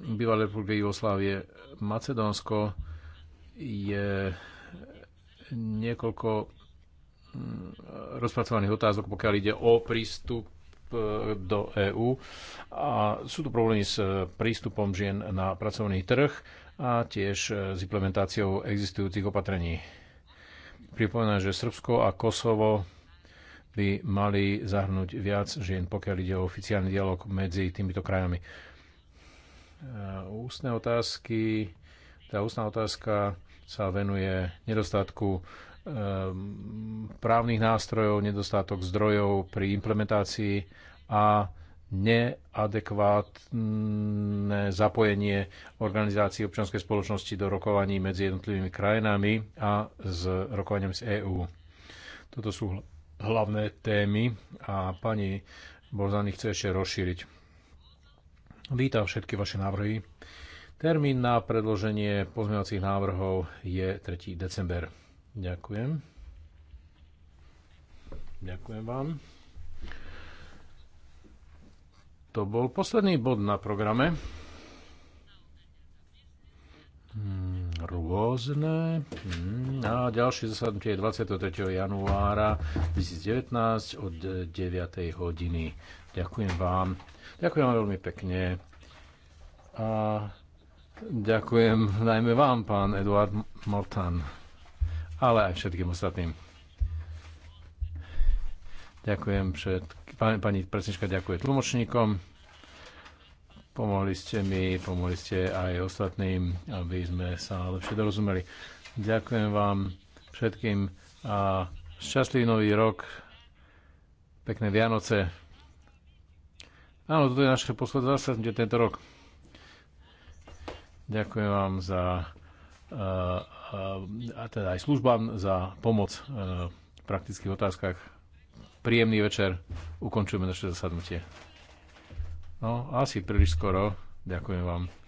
bývalej republike Jugoslávie Macedónsko je niekoľko mm, rozpracovaných otázok, pokiaľ ide o prístup E, do EÚ a sú tu problémy s e, prístupom žien na pracovný trh a tiež e, s implementáciou existujúcich opatrení. Pripomínam, že Srbsko a Kosovo by mali zahrnúť viac žien, pokiaľ ide o oficiálny dialog medzi týmito krajami. Ústne otázky, tá ústna otázka sa venuje nedostatku Ehm, právnych nástrojov, nedostatok zdrojov pri implementácii a neadekvátne zapojenie organizácií občianskej spoločnosti do rokovaní medzi jednotlivými krajinami a s rokovaním z EÚ. Toto sú hlavné témy a pani Bolzany chce ešte rozšíriť. Vítam všetky vaše návrhy. Termín na predloženie pozmeňovacích návrhov je 3. december. Ďakujem. Ďakujem vám. To bol posledný bod na programe. Hmm, rôzne. Hmm, a ďalšie zasadnutie je 23. januára 2019 od 9. hodiny. Ďakujem vám. Ďakujem vám veľmi pekne. A ďakujem najmä vám, pán Eduard Mortan ale aj všetkým ostatným. Ďakujem všet... Pani, pani presnička ďakuje tlumočníkom. Pomohli ste mi, pomohli ste aj ostatným, aby sme sa lepšie dorozumeli. Ďakujem vám všetkým a šťastlivý nový rok, pekné Vianoce. Áno, toto je naše posledné zasadnutie tento rok. Ďakujem vám za uh, Ehm, a teda aj službám za pomoc ehm, v praktických otázkach. Príjemný večer, ukončujeme naše zasadnutie. No, asi príliš skoro. Ďakujem vám.